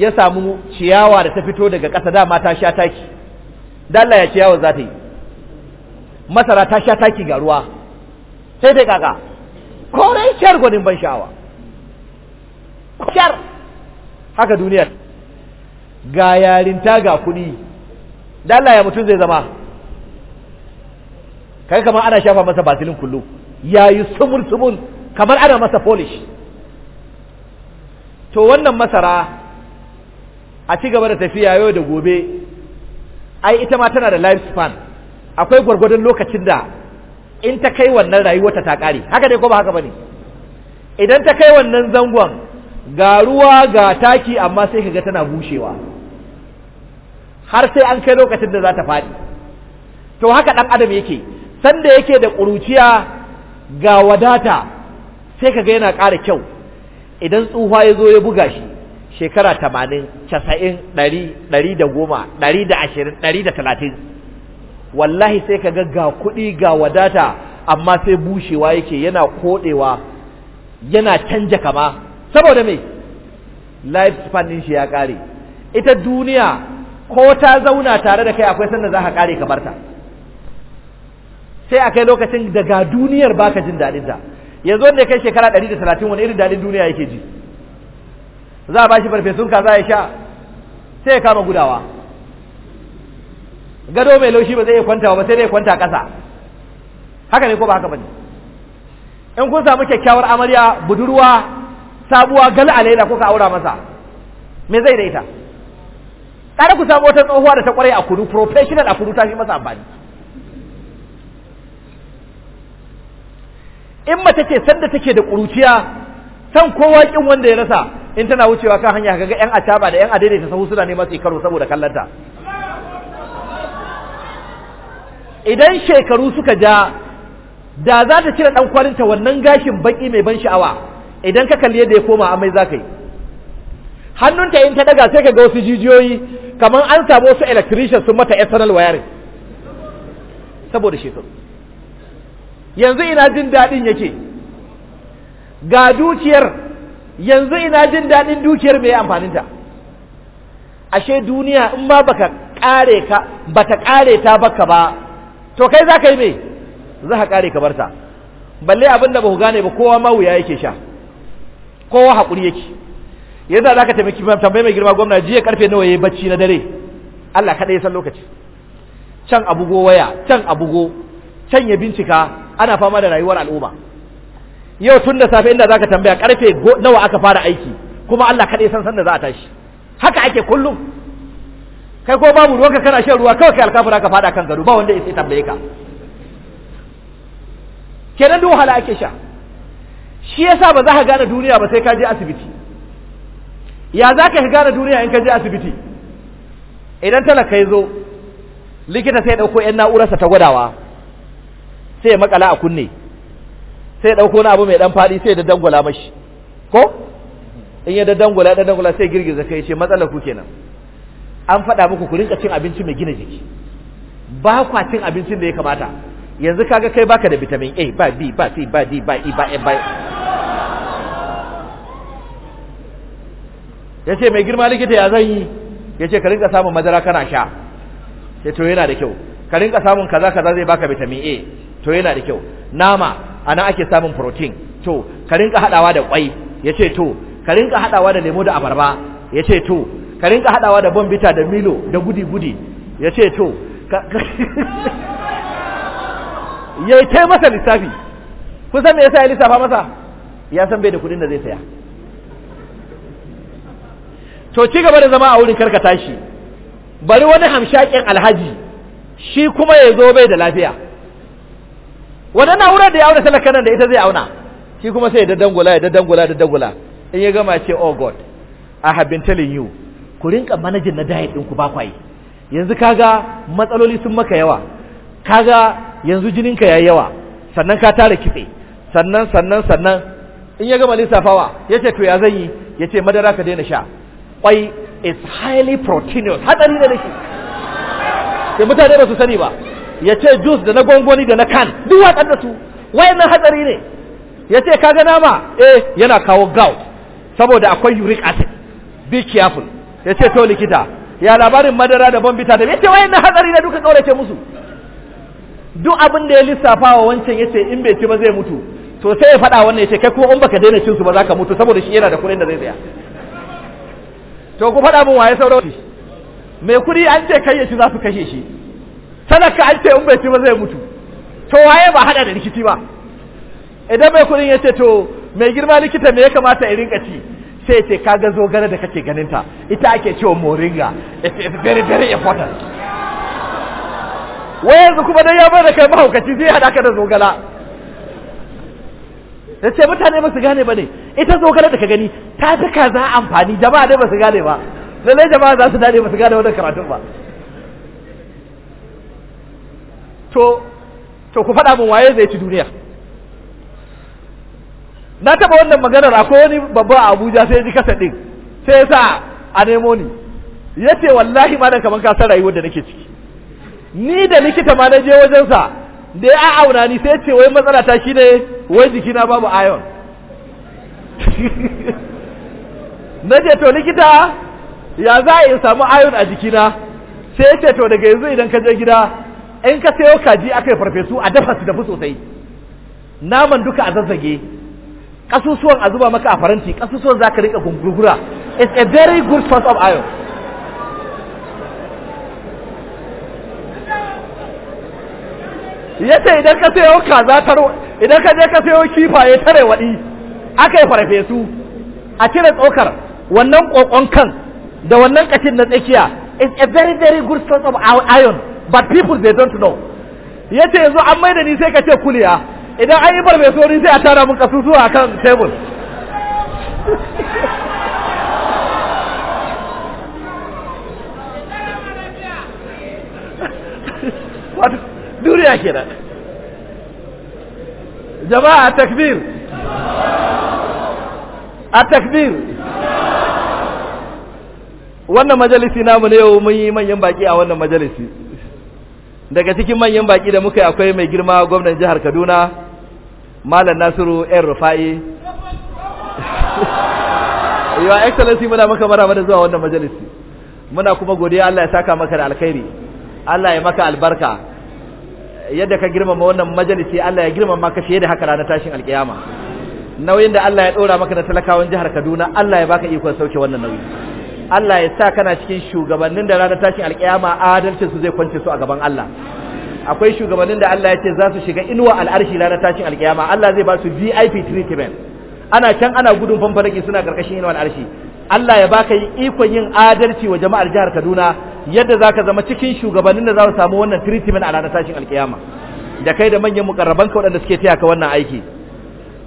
ya samu ciyawa da ta fito daga ƙasa dama ta sha taki da Allah ya ciyawa za ta yi masara ta sha taki ga ruwa sai dai kaka korai shar gwanin ban sha'awa shar haka duniyar ga yarinta ga kuɗi da Allah ya mutum zai zama kai kamar ana shafa masa basilin kullu yayi sumul sumul kamar ana masa polish to wannan masara a ci gaba da tafiya yau da gobe ai ita ma tana da life span akwai gwargwadon lokacin da in ta kai wannan rayuwarta ta ƙare. haka dai ko ba haka bane idan ta kai wannan zangon ga ruwa ga taki amma sai ka ga tana bushewa har sai an kai lokacin da za ta faɗi to haka ɗan adam yake sanda yake da ƙuruciya ga wadata sai ka ga yana ƙara kyau idan tsufa ya zo ya buga shi shekara tamanin casa'in ɗari ɗari da goma ɗari da ashirin ɗari da talatin wallahi sai ka ga kuɗi ga wadata amma sai bushewa yake yana koɗewa yana canja kama saboda me life span shi ya ƙare ita duniya ko ta zauna tare da kai akwai sanda za ka ƙare ka barta sai a kai lokacin daga ga duniyar baka jin daɗin ta yanzu wanda kai shekara 130 wani irin daɗin duniya yake ji za a ba shi farfesun kaza ya sha sai ya kama gudawa gado mai laushi ba zai iya kwanta ba sai dai kwanta ƙasa haka ne ko ba haka bane in kun samu kyakkyawar amarya budurwa sabuwa gal ko kuka aura masa me zai da ita kare ku samu wata tsohuwa da ta kware a kudu professional a kudu ta fi masa amfani in mace ce sanda take da kuruciya san kowa kin wanda ya rasa in tana wucewa kan hanya kaga yan acaba da yan adaidaita sahu suna neman su karo saboda kallanta idan shekaru suka ja da za ta cire dan kwalinta wannan gashin baki mai ban sha'awa idan ka kalli yadda ya koma amai za ka yi hannunta in ta daga sai ka ga wasu jijiyoyi kamar an samu wasu electrician sun mata external wiring saboda shekaru yanzu ina jin daɗin yake ga dukiyar yanzu ina jin daɗin dukiyar mai amfaninta ashe duniya in ba baka kare ka bata kare ta baka ba to kai za ka yi me za ka kare ka barta balle abin da ba ku gane ba kowa ma wuya yake sha kowa haƙuri yake yadda za ka taimaki tambayi mai girma gwamna jiya karfe nawa ya yi bacci na dare Allah kaɗai ya san lokaci can abugo waya can abugo can ya bincika ana fama da rayuwar al'umma yau tun da safe inda za ka tambaya karfe nawa aka fara aiki kuma Allah kaɗai san san da za a tashi haka ake kullum kai ko babu ruwanka kana shan ruwa kawai kai alkafura ka fada kan gado ba wanda ya sai tambaye ka kenan duk wahala ake sha shi yasa ba za ka gane duniya ba sai ka je asibiti ya za ka gane duniya in ka je asibiti idan talaka ya zo likita sai ɗauko 'yan na'urarsa ta gwadawa sai ya makala a kunne sai ya ɗauko na abu mai ɗan faɗi sai ya dangwala mashi ko in ya dangwala ya dangwala sai girgiza kai ce matsalar ku kenan an faɗa muku ku rinka cin abinci mai gina jiki ba kwa cin abincin da ya kamata yanzu kaga kai baka da vitamin A ba B ba C ba D ba E ba F ba e. ce mai girma likita ya zan yi yace ka rinka samun madara kana sha sai to yana da kyau ka rinka samun kaza kaza zai baka vitamin A to yana da kyau nama ana ake samun protein to ka rinka hadawa da kwai yace to ka rinka hadawa da lemo da abarba yace to ka rinka hadawa da bombita da milo da gudi-gudi ya ce to <laughs> ya yi ta masa lissafi kusan me yasa ya lissafa masa ya san bai da kudin da zai saya to ci gaba da zama a wurin karka tashi bari wani hamshakin alhaji shi kuma ya zo bai da lafiya wadannan wurin da ya auna talaka nan da ita zai auna shi kuma sai ya daddangula ya daddangula ya daddangula in ya gama ce oh god i have been telling you ku rinka manajin na diet ɗinku ba kwaye yanzu kaga matsaloli sun maka yawa kaga yanzu ka yayi yawa sannan ka tara kitse sannan sannan sannan in ya gama lissafawa yace to ya zan yi yace madara ka daina sha kwai is highly proteinous hadari da nake mutane ba su sani ba yace juice da na gongoni da na kan duk watsar da su wayannan hatsari ne yace kaga nama eh yana kawo gout saboda akwai uric acid be careful ya ce to likita ya labarin madara da bombita da yace ce wayan na hatsari na duka kaurace musu duk abin da ya lissafa wa wancan yace in bai ci ba zai mutu to sai ya faɗa wannan ya ce kai kuma in baka daina cin su ba za ka mutu saboda shi yana da kuɗin da zai tsaya to ku faɗa min waye sauran mai kudi an ce kai ya ci za su kashe shi talaka an ce in bai ci ba zai mutu to waye ba hada da likiti ba idan mai kuɗin ya ce to mai girma likita me ya kamata in rinka ci sai ce kaga zogale da kake ganin ta ita ake cewa moringa it is very very important wai yanzu kuma dai ya bar da kai mahaukaci zai hada ka da zogala da ce mutane ba su gane ba ne ita zogala da ka gani ta ta za amfani jama'a dai ba su gane ba lalle jama'a za su dade ba su gane wannan karatun ba to to ku faɗa min waye zai ci duniya na taba wannan maganar akwai wani babba a abuja sai ya ji kasa ɗin sai ya sa a nemo ni ya ce wallahi malam kamar ka san rayuwar da nake ciki ni da likita ma na je wajensa da ya auna ni sai ce wai matsala ta shine wai jikina babu iron <laughs> na je to likita ya za a in samu iron a jikina sai ce to daga yanzu idan ka je gida in ka sayo kaji aka yi farfesu a dafa su dafu sosai naman duka a zazzage kasusuwan a zuba maka a faranti kasusuwan za ka rika gungurgura it's a very good source of iron ya ce idan ka sayo kaza taro idan ka je ka sayo kifaye tare waɗi aka yi farfesu a cire tsokar wannan kokon kan da wannan kashin na tsakiya it's a very very good source of iron but people they don't know ya ce yanzu an da ni sai ka ce kuliya idan an yi barbe sai a tara mun kasusuwa a kan tebul wato duniya kenan jama'a takbir a takbir wannan majalisi namu ne yau mun yi manyan baki a wannan majalisi daga cikin manyan baki da muka yi akwai mai girma gwamnan jihar kaduna malam nasiru yan rufa'i a excellency muna maka marama da zuwa wannan majalisi muna kuma godiya Allah ya saka maka da alkhairi Allah ya maka albarka yadda ka girmama wannan majalisi Allah ya girmama maka fiye da haka ranar tashin alkiyama nauyin da Allah ya ɗora maka na talakawan jihar Kaduna Allah ya baka ikon sauke wannan nauyi Allah ya sa kana cikin shugabannin da ranar tashin alkiyama adalcin su zai kwance su a gaban Allah akwai shugabannin da Allah ya ce za su shiga inuwa al'arshi ranar tashin alkiyama Allah zai ba su VIP treatment ana can ana gudun fanfaraki suna karkashin inuwa al'arshi Allah ya baka yi ikon yin adalci wa jama'ar jihar Kaduna yadda zaka zama cikin shugabannin da za su samu wannan treatment a ranar tashin alkiyama da kai da manyan mukarraban ka waɗanda suke taya ka wannan aiki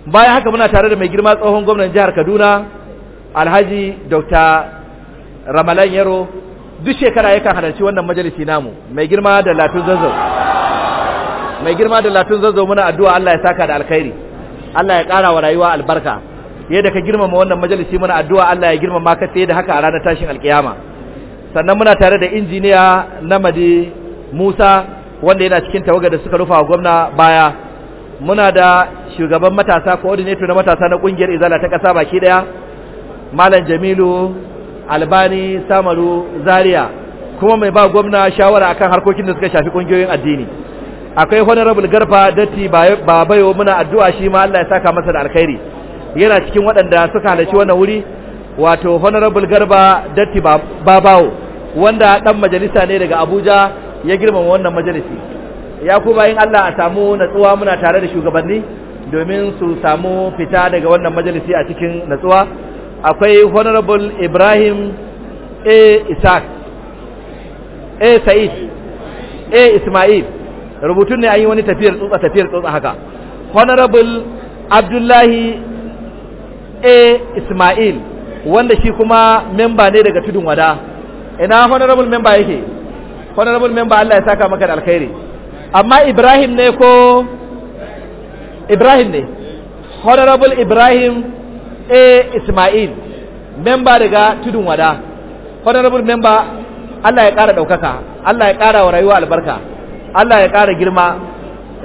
bayan haka muna tare da mai girma tsohon gwamnan jihar Kaduna Alhaji Dr. Ramalan Yaro duk shekara yakan halarci wannan majalisi namu mai girma da latun zazzau mai girma da latun zazzau muna addu'a Allah ya saka da alkhairi Allah ya ƙara wa rayuwa albarka yadda ka girmama wannan majalisi muna addu'a Allah ya girmama ka tsaye da haka a ranar tashin alkiyama sannan muna tare da injiniya Namadi Musa wanda yana cikin tawaga da suka rufa gwamna baya muna da shugaban matasa coordinator na matasa na kungiyar izala ta ƙasa baki daya malam Jamilu albani samaru zaria kuma mai ba gwamna shawara akan harkokin da suka shafi kungiyoyin addini akwai honorable garba datti babayo muna addu'a shi ma Allah ya saka masa da alkhairi yana cikin waɗanda suka halarci wannan wuri wato honorable garba datti babawo wanda dan majalisa ne daga abuja ya girmama wannan majalisi ya ku bayin Allah a samu natsuwa muna tare da shugabanni domin su samu fita daga wannan majalisi a cikin natsuwa akwai honorable ibrahim a isaac a sa'id a ismail rubutun ne an yi wani tafiyar tsotsa tafiyar tsotsa haka honorable abdullahi a ismail wanda shi kuma memba ne daga tudun wada ina honorable memba yake honorable memba Allah ya saka maka da alkhairi amma ibrahim ne ko ibrahim ne honorable ibrahim A Ismail memba daga tudun wada honorable memba Allah ya kara ɗaukaka Allah ya kara wa rayuwa albarka Allah ya ƙara girma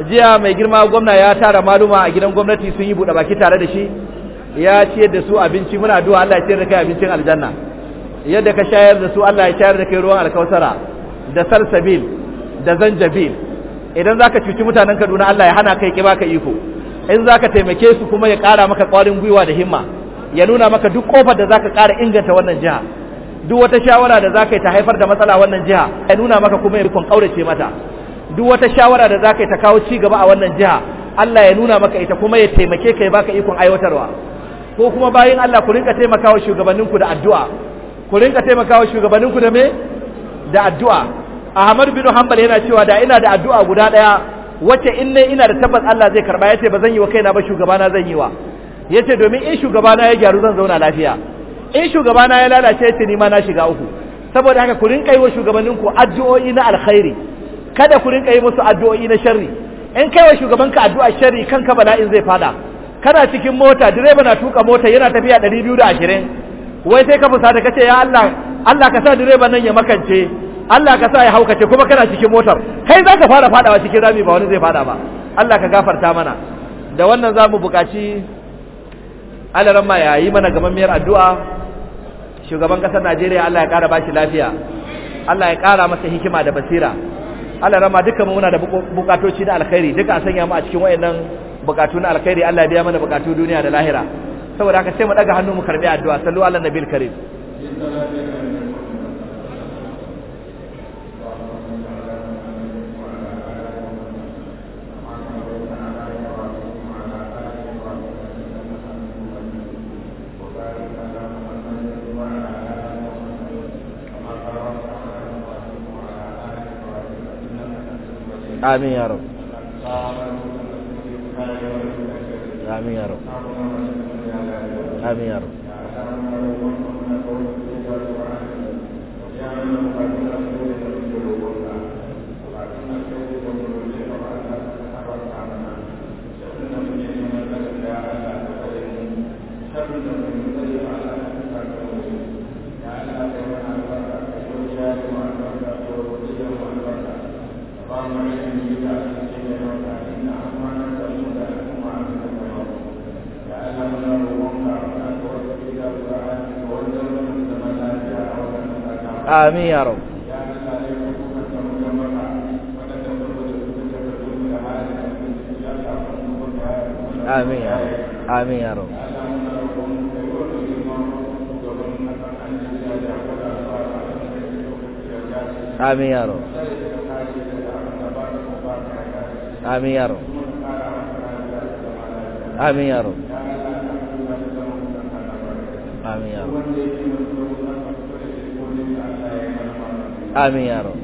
jiya mai girma gwamna ya tara maluma a gidan gwamnati sun yi buɗe baki tare da shi ya ciyar da su abinci muna addu'a Allah ya ciyar da kai abincin aljanna yadda ka shayar da su Allah ya shayar da kai ruwan alkausara da salsabil da zanjabil idan zaka cuci mutanen Kaduna Allah ya hana kai ki baka iko in za ka taimake su kuma ya ƙara maka ƙwarin gwiwa da himma ya nuna maka duk ƙofar da za ka ƙara inganta wannan jiha duk wata shawara da za ka yi ta haifar da matsala wannan jiha ya nuna maka kuma ya rikon ƙaurace mata duk wata shawara da za ka yi ta kawo ci gaba a wannan jiha Allah ya nuna maka ita kuma ya taimake ka ya baka ikon aiwatarwa ko kuma bayan Allah ku rinka taimakawa shugabanninku da addu'a ku rinka taimakawa shugabanninku da me da addu'a Ahmad bin Hanbal yana cewa da ina da addu'a guda ɗaya wacce in ne ina da tabbas Allah zai karɓa ya yace ba zan yi wa kaina ba shugabana zan yi wa yace domin in shugabana ya gyaru zan zauna lafiya in shugaba na ya lalace yace ni ma na shiga uku saboda haka ku rinƙa yi wa shugabanninku addu'o'i na alkhairi kada ku rinka yi musu addu'o'i na sharri in kai wa shugabanka addu'a sharri kanka bala'in zai fada kana cikin mota direba na tuka mota yana tafiya ɗari biyu da ashirin. wai sai ka da kace ya Allah Allah ka sa direban nan ya makance Allah ka sa ya haukace kuma kana cikin motar kai za ka fara fadawa cikin rami ba wani zai fada ba Allah ka gafarta mana da wannan za mu buƙaci alaran ma ya yi mana gamammiyar addu'a shugaban ƙasar Najeriya Allah ya ƙara bashi lafiya Allah ya ƙara masa hikima da basira alaran ma dukkan muna da buƙatoci na alkhairi duka a sanya mu a cikin wayannan buƙatu na alkhairi Allah ya biya mana buƙatu duniya da lahira saboda haka sai mu daga hannu mu karbi addu'a sallu ala nabil karim amin ya rabu amin ya rabu amin ya rabu آمين يا رب آمين يا رب آمين يا رب آمين يا رب آمين يا رب آمين يا رب آمين يا رب آمين يا رب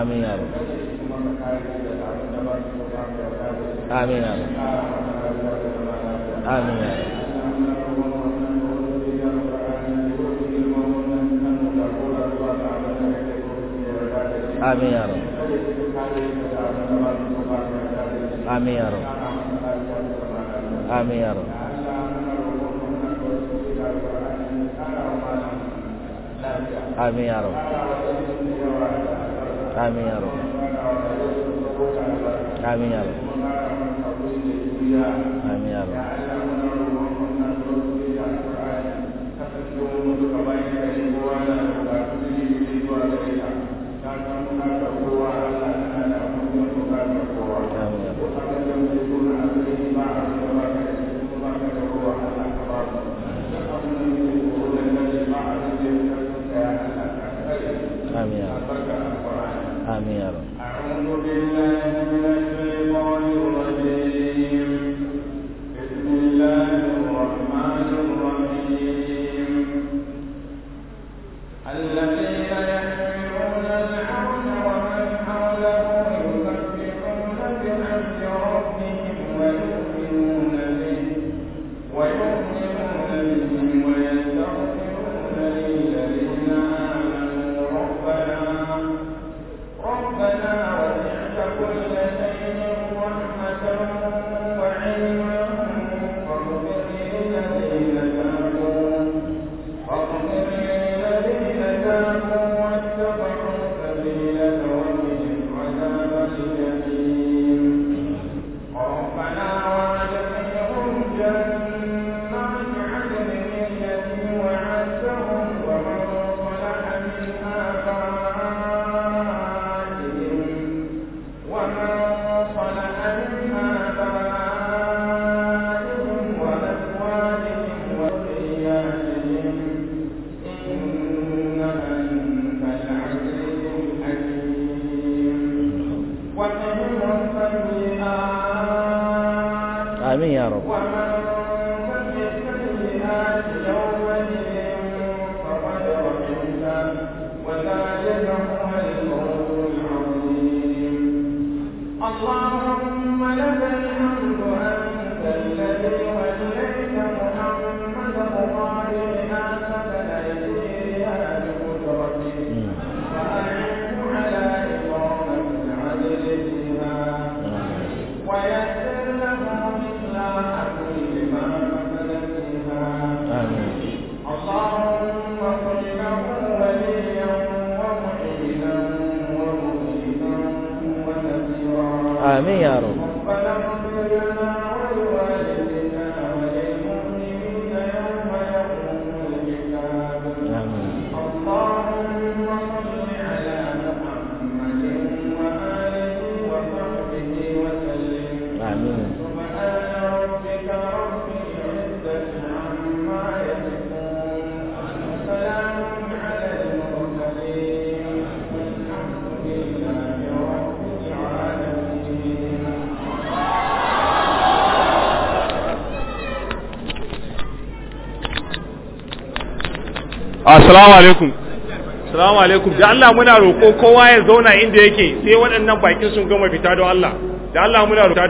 آمين يا رب آمين يا رب آمين يا رب آمين يا رب آمين يا رب အာမင်ရတော့အာမင်ရတော့အာမင်ရတော့အာမင်ရတော့အာမင်ရတော့ salamu alaikum salamu alaikum da Allah muna roƙo kowa ya zauna inda yake sai waɗannan bakin sun gama fita don Allah da Allah muna roƙo